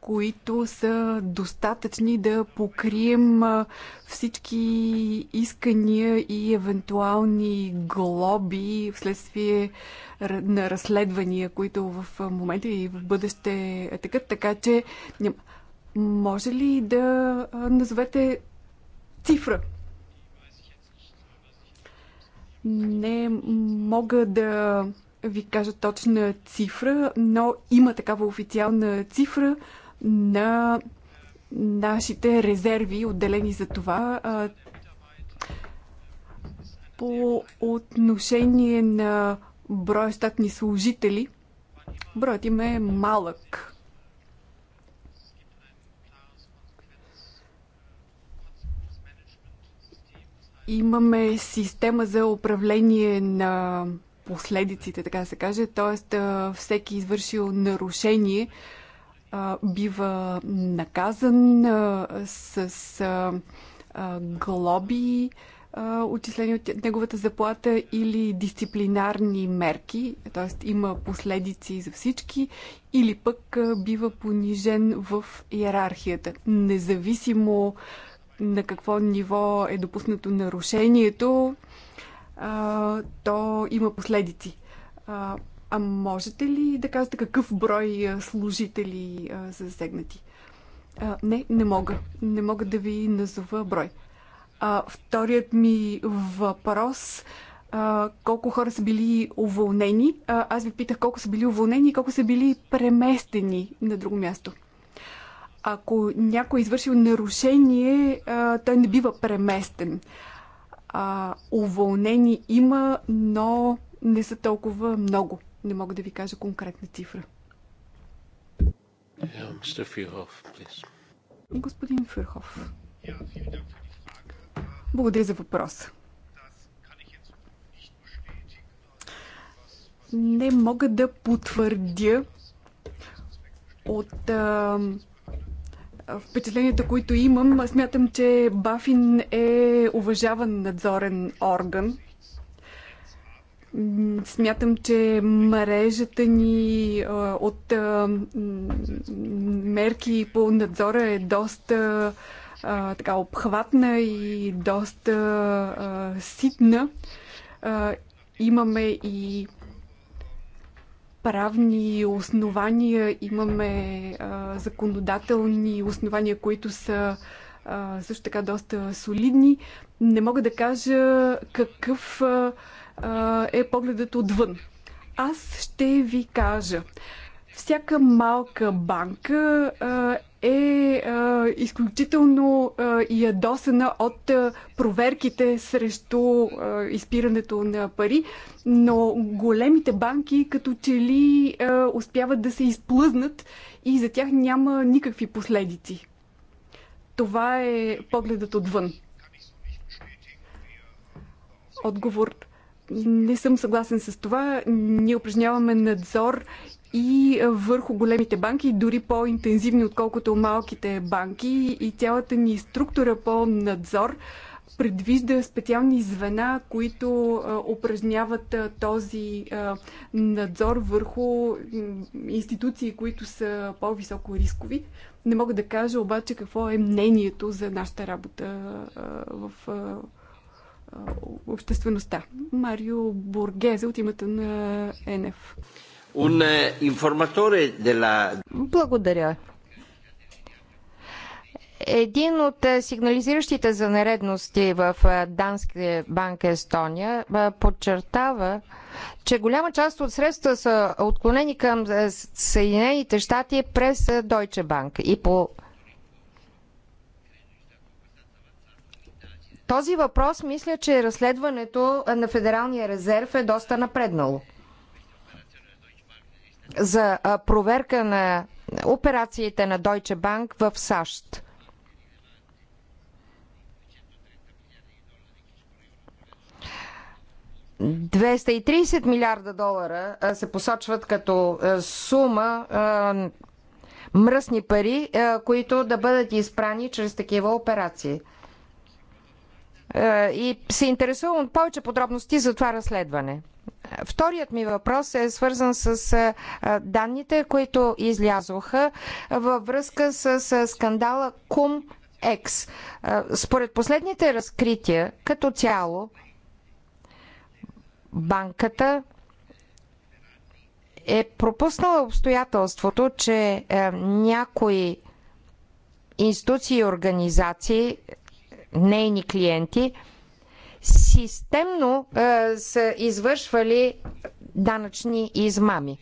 Speaker 3: които са достатъчни да покрием всички искания и евентуални глоби вследствие на разследвания, които в момента и в бъдеще е така. Така че може ли да назовете цифра, не мога да ви кажа точна цифра, но има такава официална цифра на нашите резерви, отделени за това. По отношение на броя щатни служители, броят им е малък. Имаме система за управление на последиците, така да се каже, т.е. всеки извършил нарушение бива наказан с глоби, отчислени от неговата заплата или дисциплинарни мерки, т.е. има последици за всички, или пък бива понижен в иерархията, независимо на какво ниво е допуснато нарушението, а, то има последици. А, а можете ли да кажете какъв брой служители а, са засегнати? А, не, не мога. Не мога да ви назова брой. А, вторият ми въпрос а, колко хора са били уволнени. А, аз ви питах колко са били уволнени и колко са били преместени на друго място. Ако някой е извършил нарушение, той не бива преместен. уволнени има, но не са толкова много. Не мога да ви кажа конкретна цифра. Господин Фюрхов. Благодаря за въпроса. Не мога да потвърдя от а, впечатленията, които имам, смятам, че Бафин е уважаван надзорен орган. Смятам, че мрежата ни от мерки по надзора е доста така обхватна и доста ситна. Имаме и правни основания, имаме а, законодателни основания, които са а, също така доста солидни. Не мога да кажа какъв а, е погледът отвън. Аз ще ви кажа. Всяка малка банка а, е а, изключително а, ядосана от а, проверките срещу а, изпирането на пари, но големите банки като че ли а, успяват да се изплъзнат и за тях няма никакви последици. Това е погледът отвън. Отговор. Не съм съгласен с това. Ние упражняваме надзор и върху големите банки, дори по-интензивни, отколкото малките банки. И цялата ни структура по надзор предвижда специални звена, които упражняват този надзор върху институции, които са по-високо рискови. Не мога да кажа обаче какво е мнението за нашата работа в обществеността. Марио Бургезе от името на НФ.
Speaker 4: Un информаторе eh,
Speaker 3: Благодаря.
Speaker 2: Един от е, сигнализиращите за нередности в е, Данския банк Естония е, подчертава, че голяма част от средства са отклонени към Съединените щати през Deutsche Bank и по Този въпрос мисля, че разследването на Федералния резерв е доста напреднало за проверка на операциите на Deutsche Bank в САЩ. ...230 милиарда долара се посочват като сума мръсни пари, които да бъдат изпрани чрез такива операции. И се интересувам от повече подробности за това разследване. Вторият ми въпрос е свързан с данните, които излязоха във връзка с скандала Кум Екс. Според последните разкрития, като цяло, банката е пропуснала обстоятелството, че някои институции и организации, нейни клиенти, системно а, е, са извършвали данъчни измами.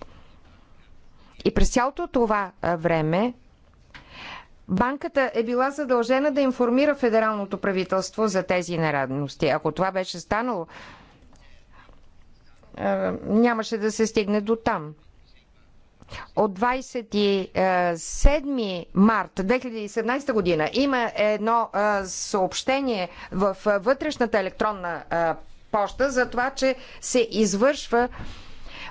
Speaker 2: И през цялото това е, време банката е била задължена да информира федералното правителство за тези нерадности. Ако това беше станало, е, нямаше да се стигне до там от 27 март 2017 година има едно съобщение в вътрешната електронна поща за това, че се извършва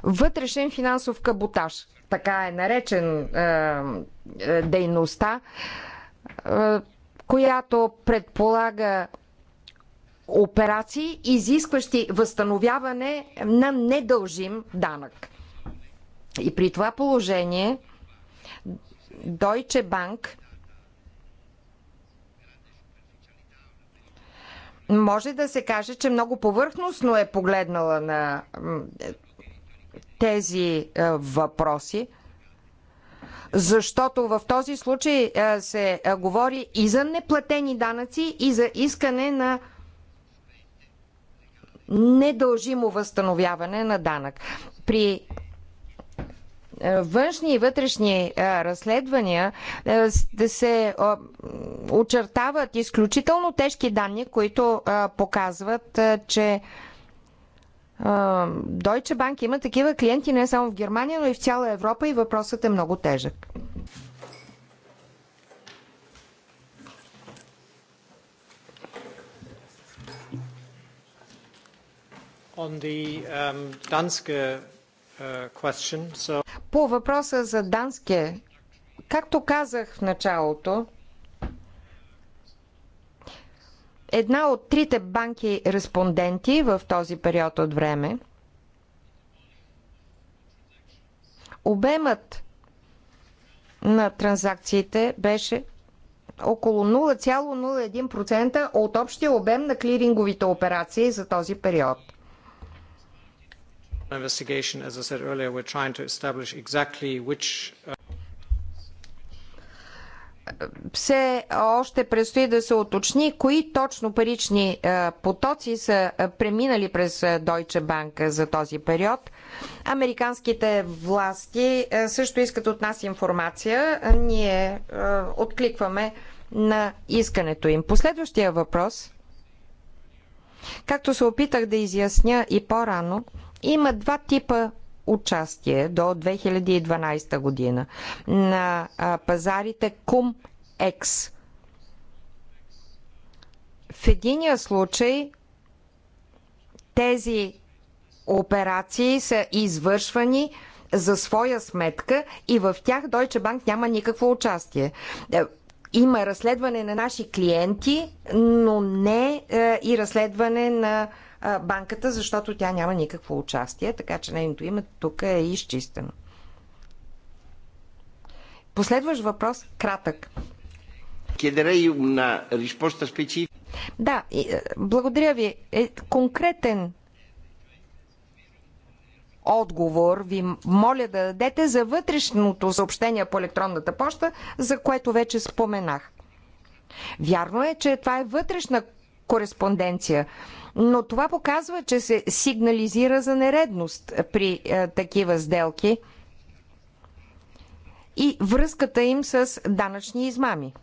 Speaker 2: вътрешен финансов каботаж. Така е наречен дейността, която предполага операции, изискващи възстановяване на недължим данък. И при това положение Deutsche Bank може да се каже, че много повърхностно е погледнала на тези въпроси, защото в този случай се говори и за неплатени данъци, и за искане на недължимо възстановяване на данък. При е, външни и вътрешни е, разследвания е, да се очертават изключително тежки данни, които показват, че Deutsche Bank има такива клиенти не само в Германия, но и в цяла Европа и въпросът е много тежък.
Speaker 1: On the um, Danske uh, question, so
Speaker 2: по въпроса за Данске, както казах в началото, една от трите банки респонденти в този период от време, обемът на транзакциите беше около 0,01% от общия обем на клиринговите операции за този период –
Speaker 1: investigation, as I said earlier, we're trying to establish exactly which uh,
Speaker 2: все още предстои да се уточни кои точно парични е, потоци са е, преминали през е, Deutsche Bank за този период. Американските власти също искат от нас информация. Ние откликваме на искането им. Последващия въпрос, както се опитах да изясня и по-рано, има два типа участие до 2012 година на пазарите Кум Екс. В единия случай тези операции са извършвани за своя сметка и в тях Deutsche Bank няма никакво участие. Е, има разследване на наши клиенти, но не е, и разследване на банката, защото тя няма никакво участие, така че нейното име тук е изчистено. Последващ въпрос, кратък.
Speaker 1: Chiederei на risposta specifica.
Speaker 2: Да, е, благодаря ви. Е, конкретен отговор ви моля да дадете за вътрешното съобщение по електронната поща, за което вече споменах. Вярно е, че това е вътрешна кореспонденция, но това показва, че се сигнализира за нередност при е, такива сделки и връзката им с данъчни измами.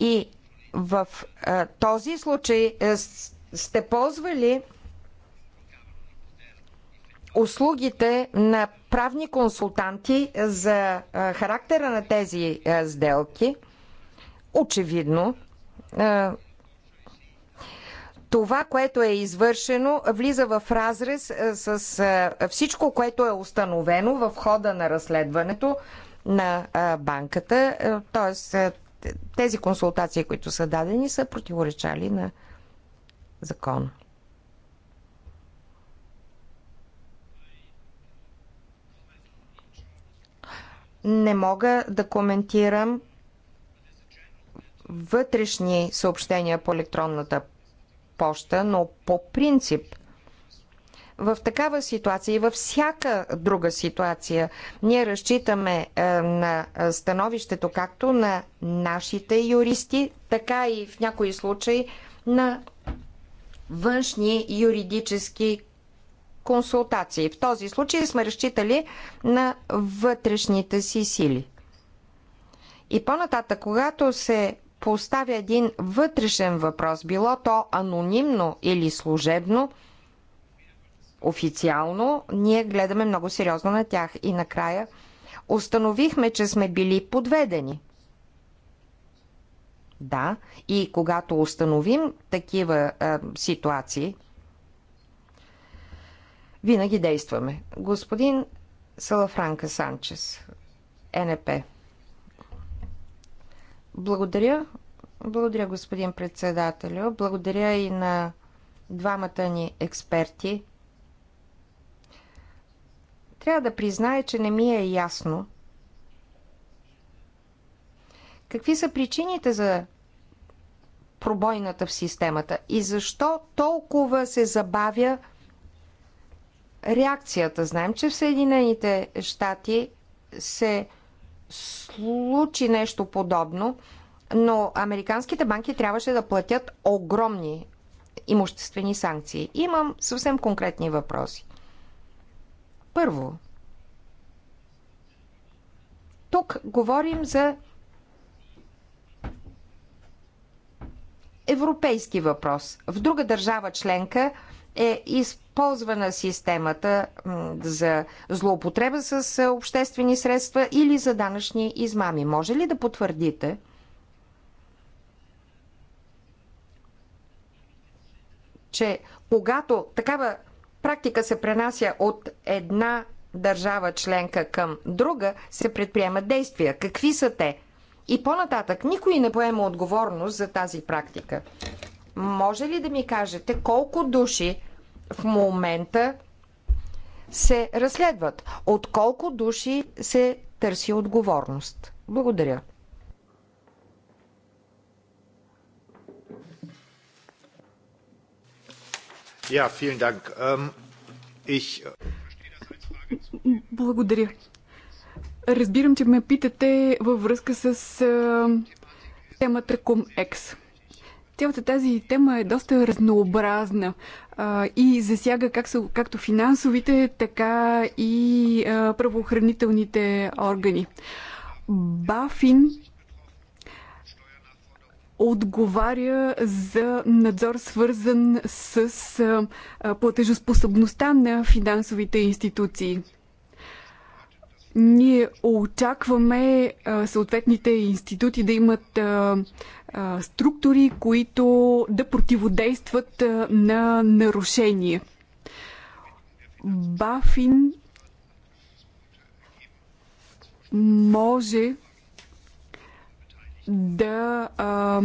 Speaker 2: И в е, този случай е, сте ползвали услугите на правни консултанти за е, характера на тези е, сделки Очевидно, това, което е извършено, влиза в разрез с всичко, което е установено в хода на разследването на банката. Тоест, тези консултации, които са дадени, са противоречали на закона. Не мога да коментирам вътрешни съобщения по електронната поща, но по принцип в такава ситуация и във всяка друга ситуация ние разчитаме е, на становището както на нашите юристи, така и в някои случаи на външни юридически консултации. В този случай сме разчитали на вътрешните си сили. И по-нататък, когато се поставя един вътрешен въпрос, било то анонимно или служебно, официално, ние гледаме много сериозно на тях. И накрая установихме, че сме били подведени. Да, и когато установим такива е, ситуации, винаги действаме. Господин Салафранка Санчес, НП. Благодаря. Благодаря, господин председателю. Благодаря и на двамата ни експерти. Трябва да призная, че не ми е ясно какви са причините за пробойната в системата и защо толкова се забавя реакцията. Знаем, че в Съединените щати се случи нещо подобно, но американските банки трябваше да платят огромни имуществени санкции. Имам съвсем конкретни въпроси. Първо, тук говорим за европейски въпрос. В друга държава членка е изпълнена Ползвана системата за злоупотреба с обществени средства или за данъчни измами. Може ли да потвърдите? че когато такава практика се пренася от една държава членка към друга, се предприемат действия. Какви са те? И по-нататък никой не поема отговорност за тази практика. Може ли да ми кажете колко души в момента се разследват? От колко души се търси отговорност? Благодаря.
Speaker 1: Ja, vielen Dank. Ähm, ich...
Speaker 3: Благодаря. Разбирам, че ме питате във връзка с е, темата Комекс. Цялата тази тема е доста разнообразна а, и засяга как са, както финансовите, така и а, правоохранителните органи. Бафин отговаря за надзор, свързан с а, платежоспособността на финансовите институции. Ние очакваме а, съответните институти да имат а, структури, които да противодействат на нарушение. Бафин може да а,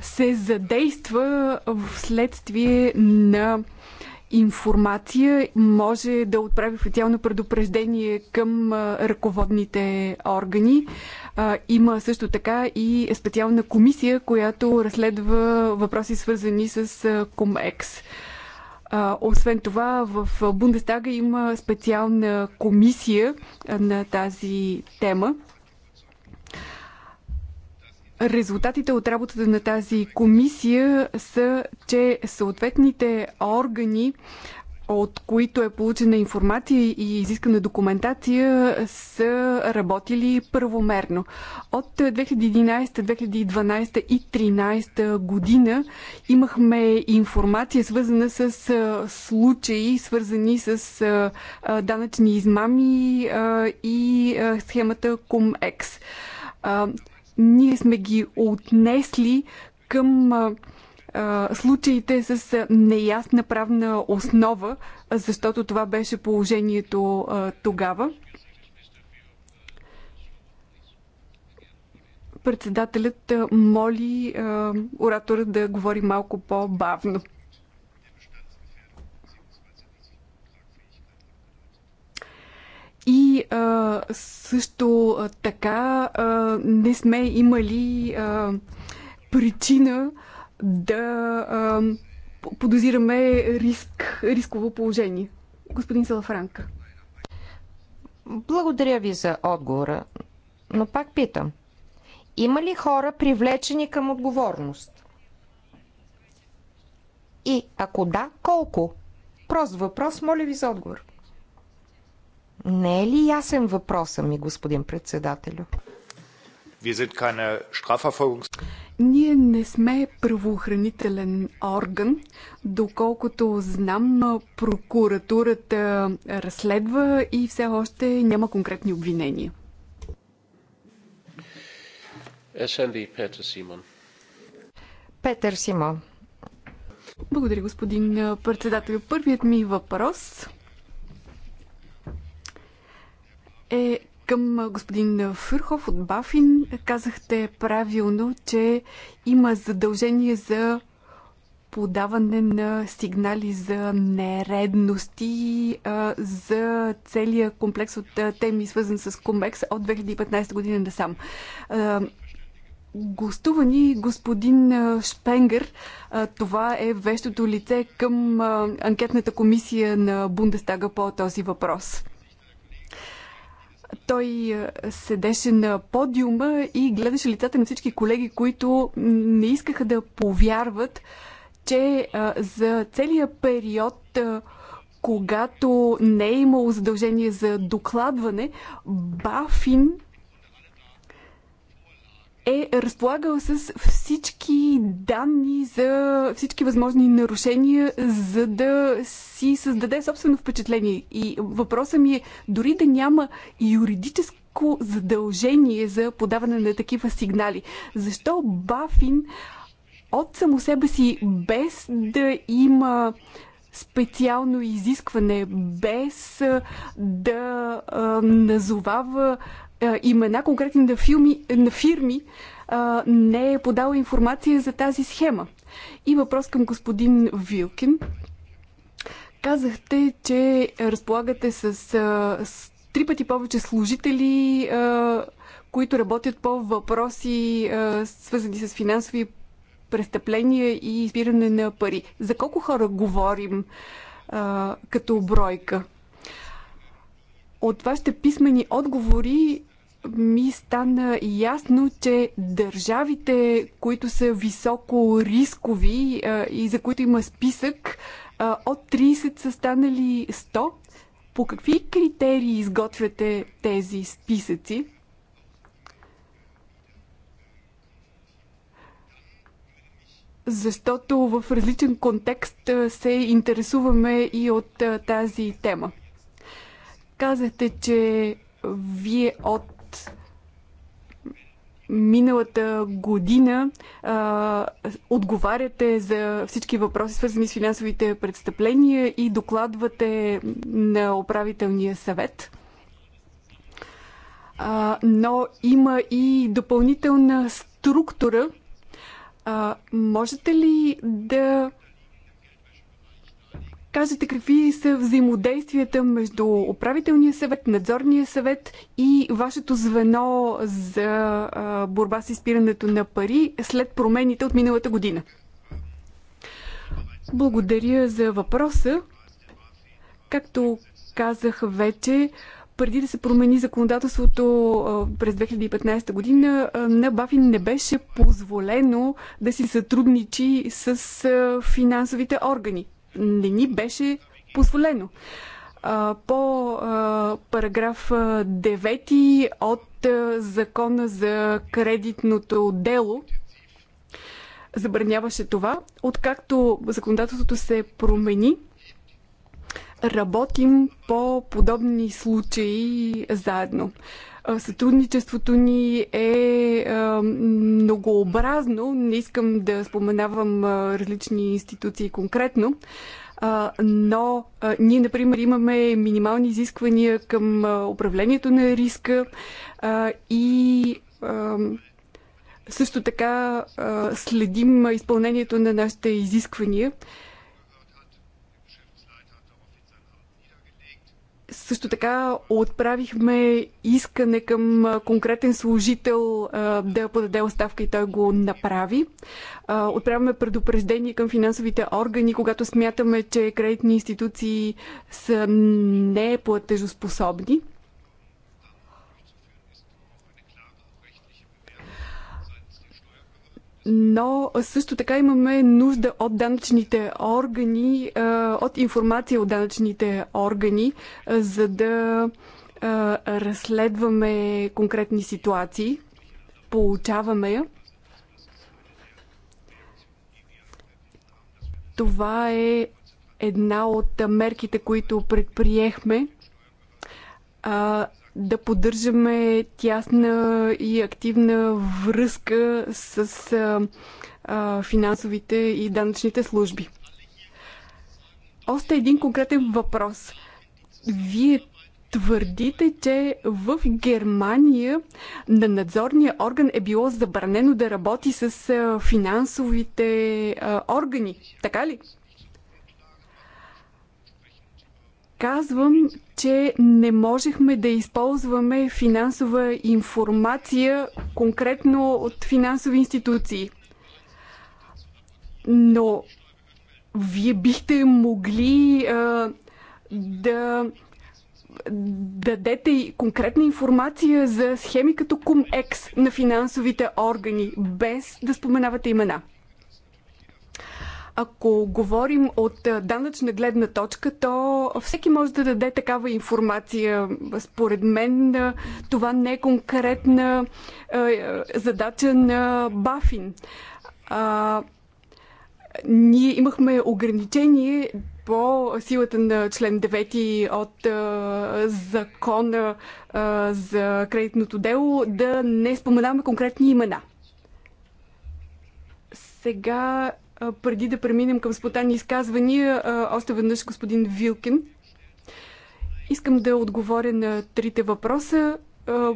Speaker 3: се задейства вследствие на информация, може да отправи официално предупреждение към ръководните органи. А, има също така и специална комисия, която разследва въпроси свързани с Комекс. Освен това, в Бундестага има специална комисия на тази тема. Резултатите от работата на тази комисия са, че съответните органи от които е получена информация и изискана документация, са работили първомерно. От 2011, 2012 и 2013 година имахме информация, свързана с случаи, свързани с данъчни измами и схемата CumEx. Ние сме ги отнесли към случаите с неясна правна основа, защото това беше положението тогава. Председателят моли оратора да говори малко по-бавно. И а, също така а, не сме имали а, причина да подозираме риск, рисково положение. Господин Салафранка.
Speaker 2: Благодаря ви за отговора, но пак питам. Има ли хора привлечени към отговорност? И ако да, колко? Прост въпрос, моля ви за отговор. Не е ли ясен въпроса ми, господин председателю?
Speaker 3: Ние не сме правоохранителен орган. Доколкото знам, прокуратурата разследва и все още няма конкретни обвинения.
Speaker 1: СНД Петър Симон.
Speaker 3: Петър Симон. Благодаря, господин председател. Първият ми въпрос е към господин Фюрхов от Бафин казахте правилно, че има задължение за подаване на сигнали за нередности а, за целия комплекс от а, теми, свързан с Комекс от 2015 година насам. сам. гостува ни господин Шпенгер. Това е вещото лице към анкетната комисия на Бундестага по този въпрос. Той е, седеше на подиума и гледаше лицата на всички колеги, които не искаха да повярват, че е, за целия период, е, когато не е имало задължение за докладване, Бафин е разполагал с всички данни за всички възможни нарушения, за да си създаде собствено впечатление. И въпросът ми е, дори да няма юридическо задължение за подаване на такива сигнали, защо Бафин от само себе си, без да има специално изискване, без да а, назовава имена конкретни на, филми, на фирми а, не е подала информация за тази схема. И въпрос към господин Вилкин. Казахте, че разполагате с, а, с три пъти повече служители, а, които работят по въпроси, а, свързани с финансови престъпления и избиране на пари. За колко хора говорим а, като бройка? От вашите писмени отговори ми стана ясно, че държавите, които са високо рискови и за които има списък, от 30 са станали 100. По какви критерии изготвяте тези списъци? Защото в различен контекст се интересуваме и от тази тема. Казахте, че вие от миналата година а, отговаряте за всички въпроси, свързани с финансовите престъпления и докладвате на управителния съвет. А, но има и допълнителна структура. А, можете ли да кажете какви са взаимодействията между управителния съвет, надзорния съвет и вашето звено за борба с изпирането на пари след промените от миналата година? Благодаря за въпроса. Както казах вече, преди да се промени законодателството през 2015 година, на Бафин не беше позволено да си сътрудничи с финансовите органи не ни беше позволено. По параграф 9 от закона за кредитното дело забраняваше това. Откакто законодателството се промени, работим по подобни случаи заедно. Сътрудничеството ни е многообразно. Не искам да споменавам различни институции конкретно, но ние, например, имаме минимални изисквания към управлението на риска и също така следим изпълнението на нашите изисквания. Също така отправихме искане към конкретен служител да подаде оставка и той го направи. Отправяме предупреждение към финансовите органи, когато смятаме, че кредитни институции са неплатежоспособни. но също така имаме нужда от данъчните органи, от информация от данъчните органи, за да разследваме конкретни ситуации. Получаваме я. Това е една от мерките, които предприехме да поддържаме тясна и активна връзка с а, а, финансовите и данъчните служби. Още един конкретен въпрос. Вие твърдите, че в Германия на надзорния орган е било забранено да работи с финансовите а, органи. Така ли? казвам, че не можехме да използваме финансова информация конкретно от финансови институции. Но вие бихте могли а, да дадете конкретна информация за схеми като CumEx на финансовите органи, без да споменавате имена. Ако говорим от данъчна гледна точка, то всеки може да даде такава информация. Според мен това не е конкретна задача на Бафин. Ние имахме ограничение по силата на член 9 от а, закона а, за кредитното дело да не споменаваме конкретни имена. Сега преди да преминем към спонтанни изказвания, още веднъж господин Вилкин. Искам да отговоря на трите въпроса.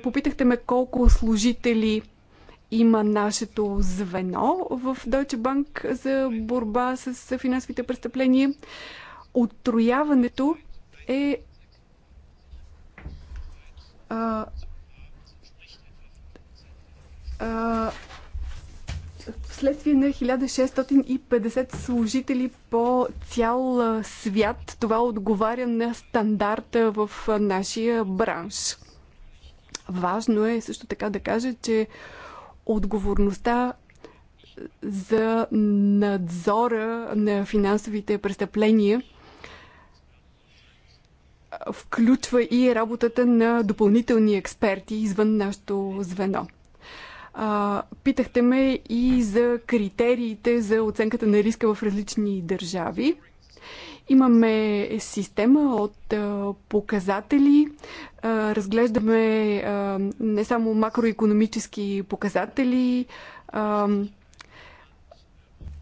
Speaker 3: Попитахте ме колко служители има нашето звено в Deutsche Bank за борба с финансовите престъпления. Оттрояването е а, а, вследствие на 1650 служители по цял свят. Това отговаря на стандарта в нашия бранш. Важно е също така да кажа, че отговорността за надзора на финансовите престъпления включва и работата на допълнителни експерти извън нашето звено. А, питахте ме и за критериите за оценката на риска в различни държави. Имаме система от а, показатели. А, разглеждаме а, не само макроекономически показатели, а,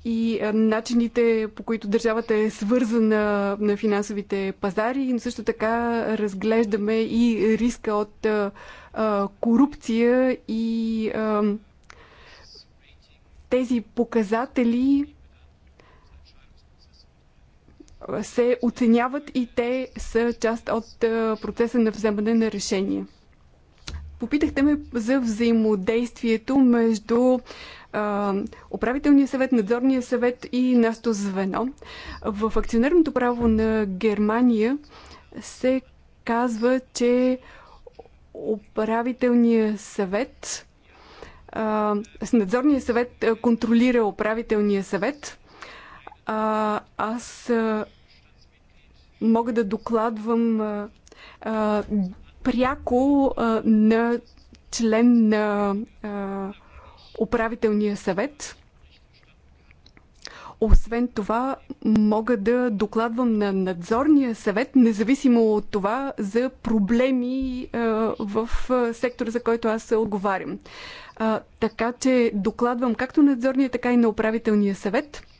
Speaker 3: и начините по които държавата е свързана на финансовите пазари, но също така разглеждаме и риска от корупция и тези показатели се оценяват и те са част от процеса на вземане на решения. Попитахте ме за взаимодействието между а, управителния съвет, надзорния съвет и нашето звено. В акционерното право на Германия се казва, че управителния съвет а, с надзорния съвет контролира управителния съвет. А, аз а, мога да докладвам а, пряко а, на член на а, управителния съвет. Освен това, мога да докладвам на надзорния съвет, независимо от това, за проблеми а, в сектора, за който аз се отговарям. А, така че докладвам както надзорния, така и на управителния съвет –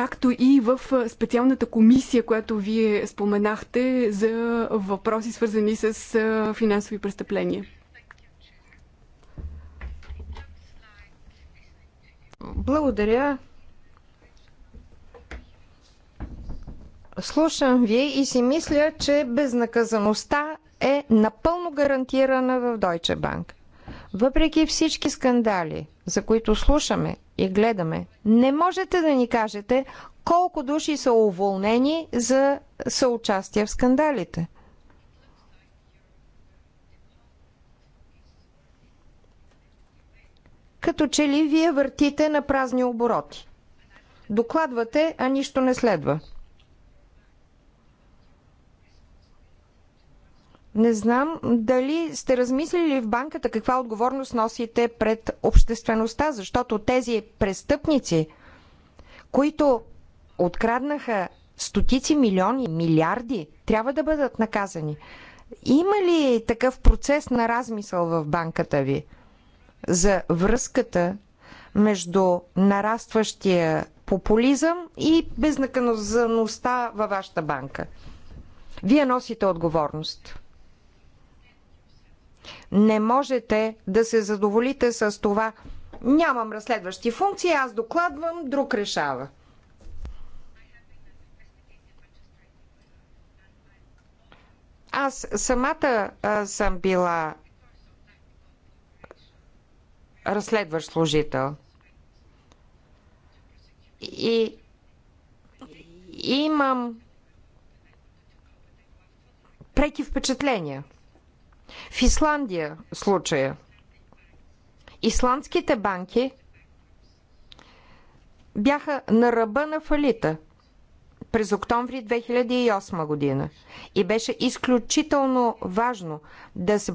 Speaker 3: както и в специалната комисия, която вие споменахте за въпроси свързани с финансови престъпления. Благодаря.
Speaker 2: Слушам ви и си мисля, че безнаказаността е напълно гарантирана в Deutsche Bank. Въпреки всички скандали, за които слушаме, и гледаме. Не можете да ни кажете колко души са уволнени за съучастие в скандалите. Като че ли вие въртите на празни обороти. Докладвате, а нищо не следва. Не знам дали сте размислили в банката каква отговорност носите пред обществеността, защото тези престъпници, които откраднаха стотици милиони, милиарди, трябва да бъдат наказани. Има ли такъв процес на размисъл в банката ви за връзката между нарастващия популизъм и безнаказаността във вашата банка? Вие носите отговорност. Не можете да се задоволите с това. Нямам разследващи функции, аз докладвам, друг решава. Аз самата а, съм била разследващ служител. И имам преки впечатления – в Исландия случая. Исландските банки бяха на ръба на фалита през октомври 2008 година. И беше изключително важно да се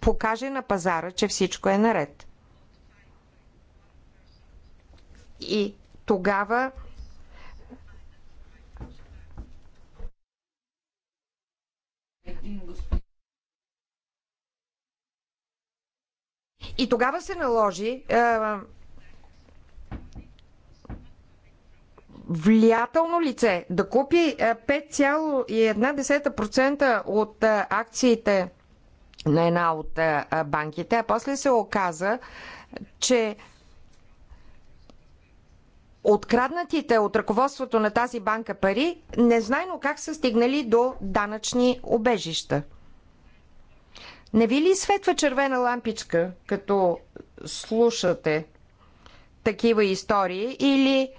Speaker 2: покаже на пазара, че всичко е наред. И тогава И тогава се наложи а, е, влиятелно лице да купи 5,1% е, от е, акциите на една от банките, а после се оказа, че откраднатите от ръководството на тази банка пари незнайно как са стигнали до данъчни обежища. Не ви ли светва червена лампичка, като слушате такива истории или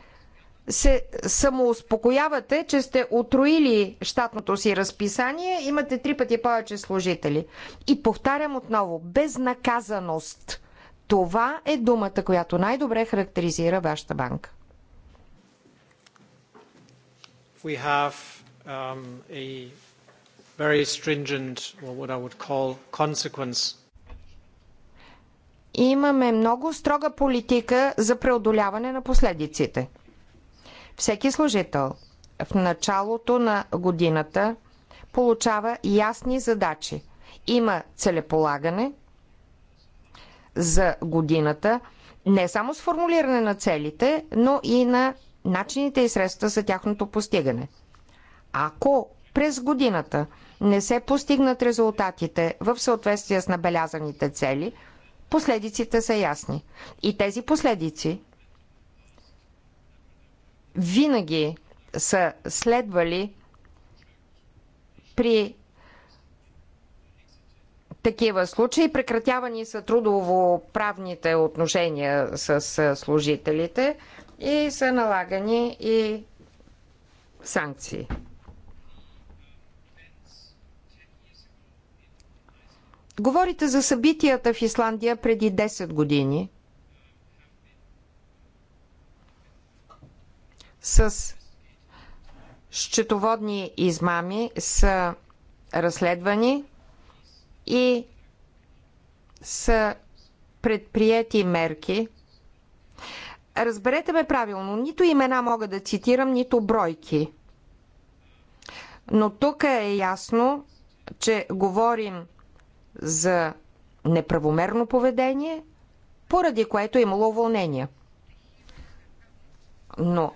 Speaker 2: се самоуспокоявате, че сте отруили щатното си разписание, имате три пъти повече служители. И повтарям отново, безнаказаност. Това е думата, която най-добре характеризира вашата банка.
Speaker 1: We have, um, a very stringent, or what I would call consequence.
Speaker 2: Имаме много строга политика за преодоляване на последиците. Всеки служител в началото на годината получава ясни задачи. Има целеполагане за годината, не само с формулиране на целите, но и на начините и средства за тяхното постигане. Ако през годината не се постигнат резултатите в съответствие с набелязаните цели, последиците са ясни. И тези последици винаги са следвали при такива случаи. Прекратявани са трудово-правните отношения с служителите и са налагани и санкции. Говорите за събитията в Исландия преди 10 години с счетоводни измами са разследвани и са предприяти мерки. Разберете ме правилно, нито имена мога да цитирам, нито бройки. Но тук е ясно, че говорим за неправомерно поведение, поради което е имало уволнение. Но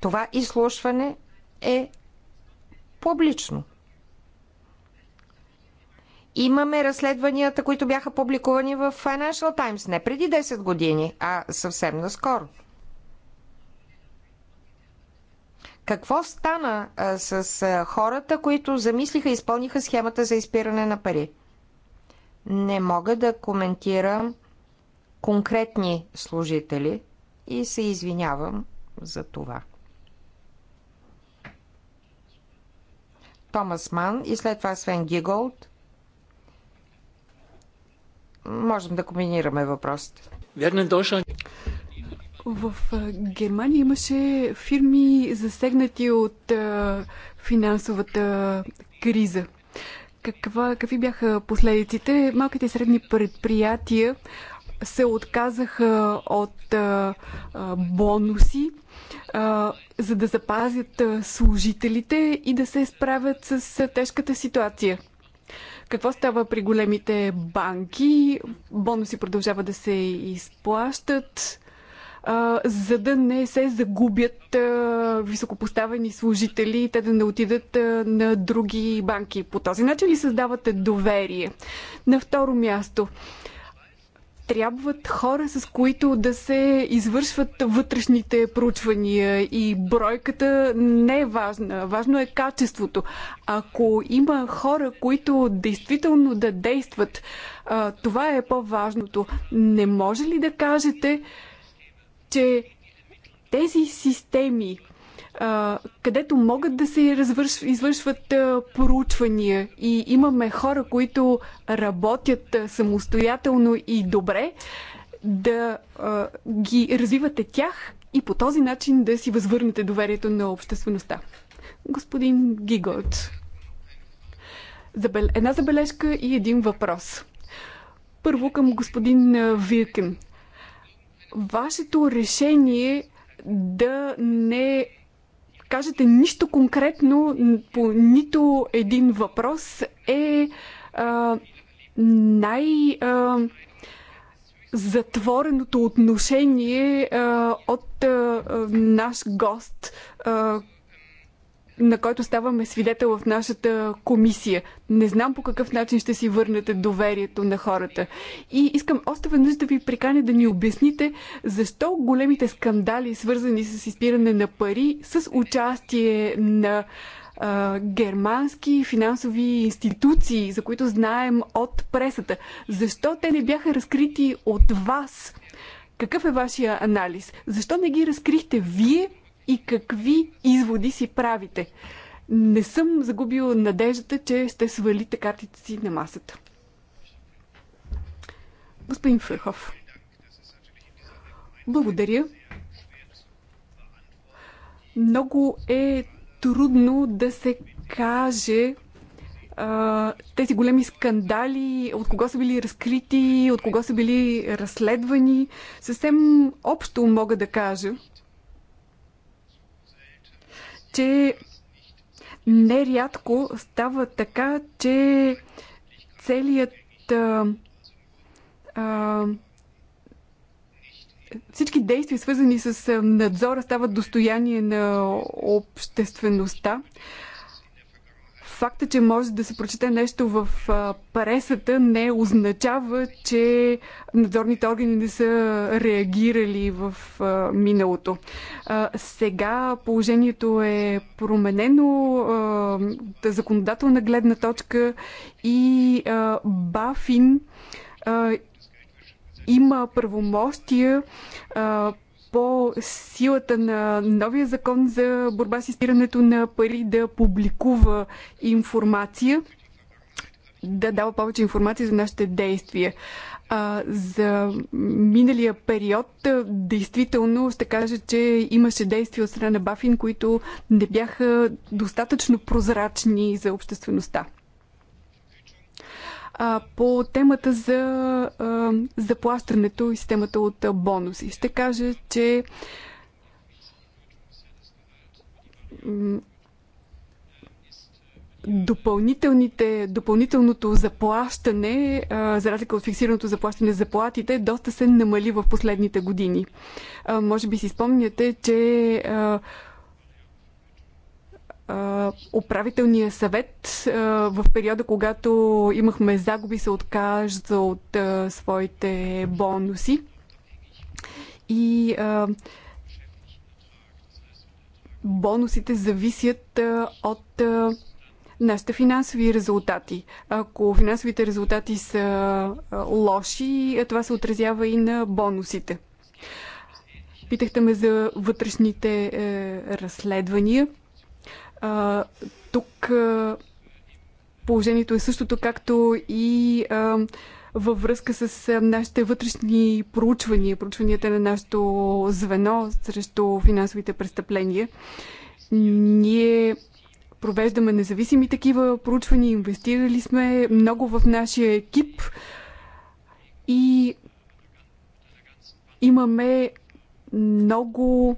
Speaker 2: това изслушване е публично. Имаме разследванията, които бяха публикувани в Financial Times не преди 10 години, а съвсем наскоро. Какво стана а, с а, хората, които замислиха и изпълниха схемата за изпиране на пари? Не мога да коментирам конкретни служители и се извинявам за това. Томас Ман и след това Свен Гиголд. Можем да комбинираме въпросите. Верно, Доша.
Speaker 3: В Германия имаше фирми засегнати от финансовата криза. Каква, какви бяха последиците? Малките и средни предприятия се отказаха от а, а, бонуси, а, за да запазят а, служителите и да се справят с а, тежката ситуация. Какво става при големите банки? Бонуси продължават да се изплащат за да не се загубят високопоставени служители и те да не отидат на други банки. По този начин ли създавате доверие? На второ място, трябват хора, с които да се извършват вътрешните проучвания и бройката не е важна. Важно е качеството. Ако има хора, които действително да действат, това е по-важното. Не може ли да кажете, че тези системи, където могат да се развърш, извършват проучвания и имаме хора, които работят самостоятелно и добре, да а, ги развивате тях и по този начин да си възвърнете доверието на обществеността. Господин Гигот, една забележка и един въпрос. Първо към господин Виркен вашето решение да не кажете нищо конкретно по нито един въпрос е а, най- а, затвореното отношение а, от а, наш гост, а, на който ставаме свидетел в нашата комисия. Не знам по какъв начин ще си върнете доверието на хората. И искам още веднъж да ви приканя да ни обясните защо големите скандали, свързани с изпиране на пари, с участие на а, германски финансови институции, за които знаем от пресата, защо те не бяха разкрити от вас? Какъв е вашия анализ? Защо не ги разкрихте вие и какви изводи си правите. Не съм загубила надеждата, че ще свалите картите си на масата. Господин Фрехов, благодаря. Много е трудно да се каже тези големи скандали, от кого са били разкрити, от кого са били разследвани. Съвсем общо мога да кажа, че нерядко става така, че целият а, а, всички действия, свързани с надзора, стават достояние на обществеността. Факта, че може да се прочете нещо в пресата не означава, че надзорните органи не са реагирали в миналото. Сега положението е променено от законодателна гледна точка и Бафин има правомощия по силата на новия закон за борба с изпирането на пари да публикува информация, да дава повече информация за нашите действия. А, за миналия период, действително, ще кажа, че имаше действия от страна на Бафин, които не бяха достатъчно прозрачни за обществеността. А, по темата за а, заплащането и системата от а, бонуси, ще кажа, че допълнителните, допълнителното заплащане, за разлика от фиксираното заплащане за платите, доста се намали в последните години. Може би си спомняте, че управителния съвет в периода, когато имахме загуби, се отказа от своите бонуси. И бонусите зависят от нашите финансови резултати. Ако финансовите резултати са лоши, това се отразява и на бонусите. Питахте ме за вътрешните е, разследвания. А, тук а, положението е същото, както и а, във връзка с нашите вътрешни проучвания, проучванията на нашето звено срещу финансовите престъпления. Ние провеждаме независими такива проучвания, инвестирали сме много в нашия екип и имаме много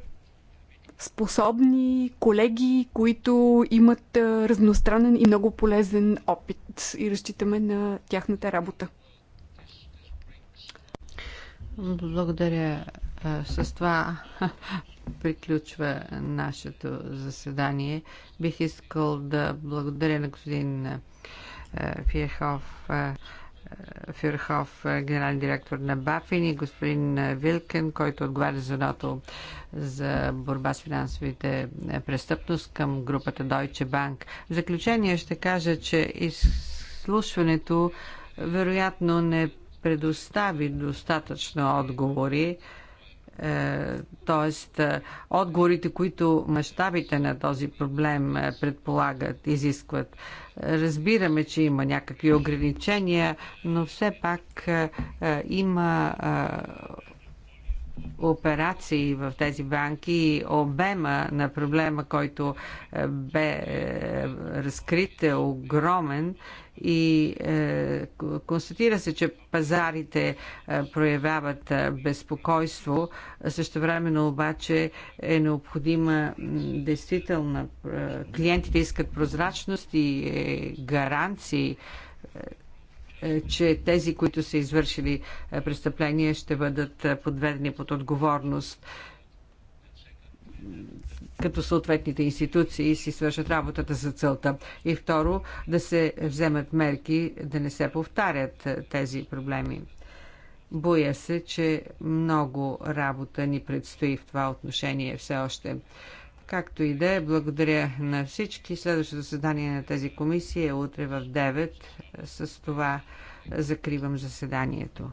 Speaker 3: способни колеги, които имат разностранен и много полезен опит и разчитаме на тяхната работа.
Speaker 4: Благодаря. С това приключва нашето заседание. Бих искал да благодаря на господин Фирхов Фирхов, е, генерален директор на Бафин и господин Вилкен, който отговаря за ното за борба с финансовите престъпност към групата Deutsche Bank. В заключение ще кажа, че изслушването вероятно не предостави достатъчно отговори Т.е. Е, отговорите, които мащабите на този проблем е, предполагат, изискват. Разбираме, че има някакви ограничения, но все пак е, е, има е, операции в тези банки и обема на проблема, който бе разкрит е огромен и е, констатира се, че пазарите е, проявяват е, безпокойство. Също времено обаче е необходима действителна. Е, клиентите искат прозрачност и е, гаранции е, е, че тези, които са извършили е, престъпления, ще бъдат подведени под отговорност като съответните институции си свършат работата за целта. И второ, да се вземат мерки да не се повтарят тези проблеми. Боя се, че много работа ни предстои в това отношение все още. Както и да е, благодаря на всички. Следващото заседание на тези комисии е утре в 9. С това закривам заседанието.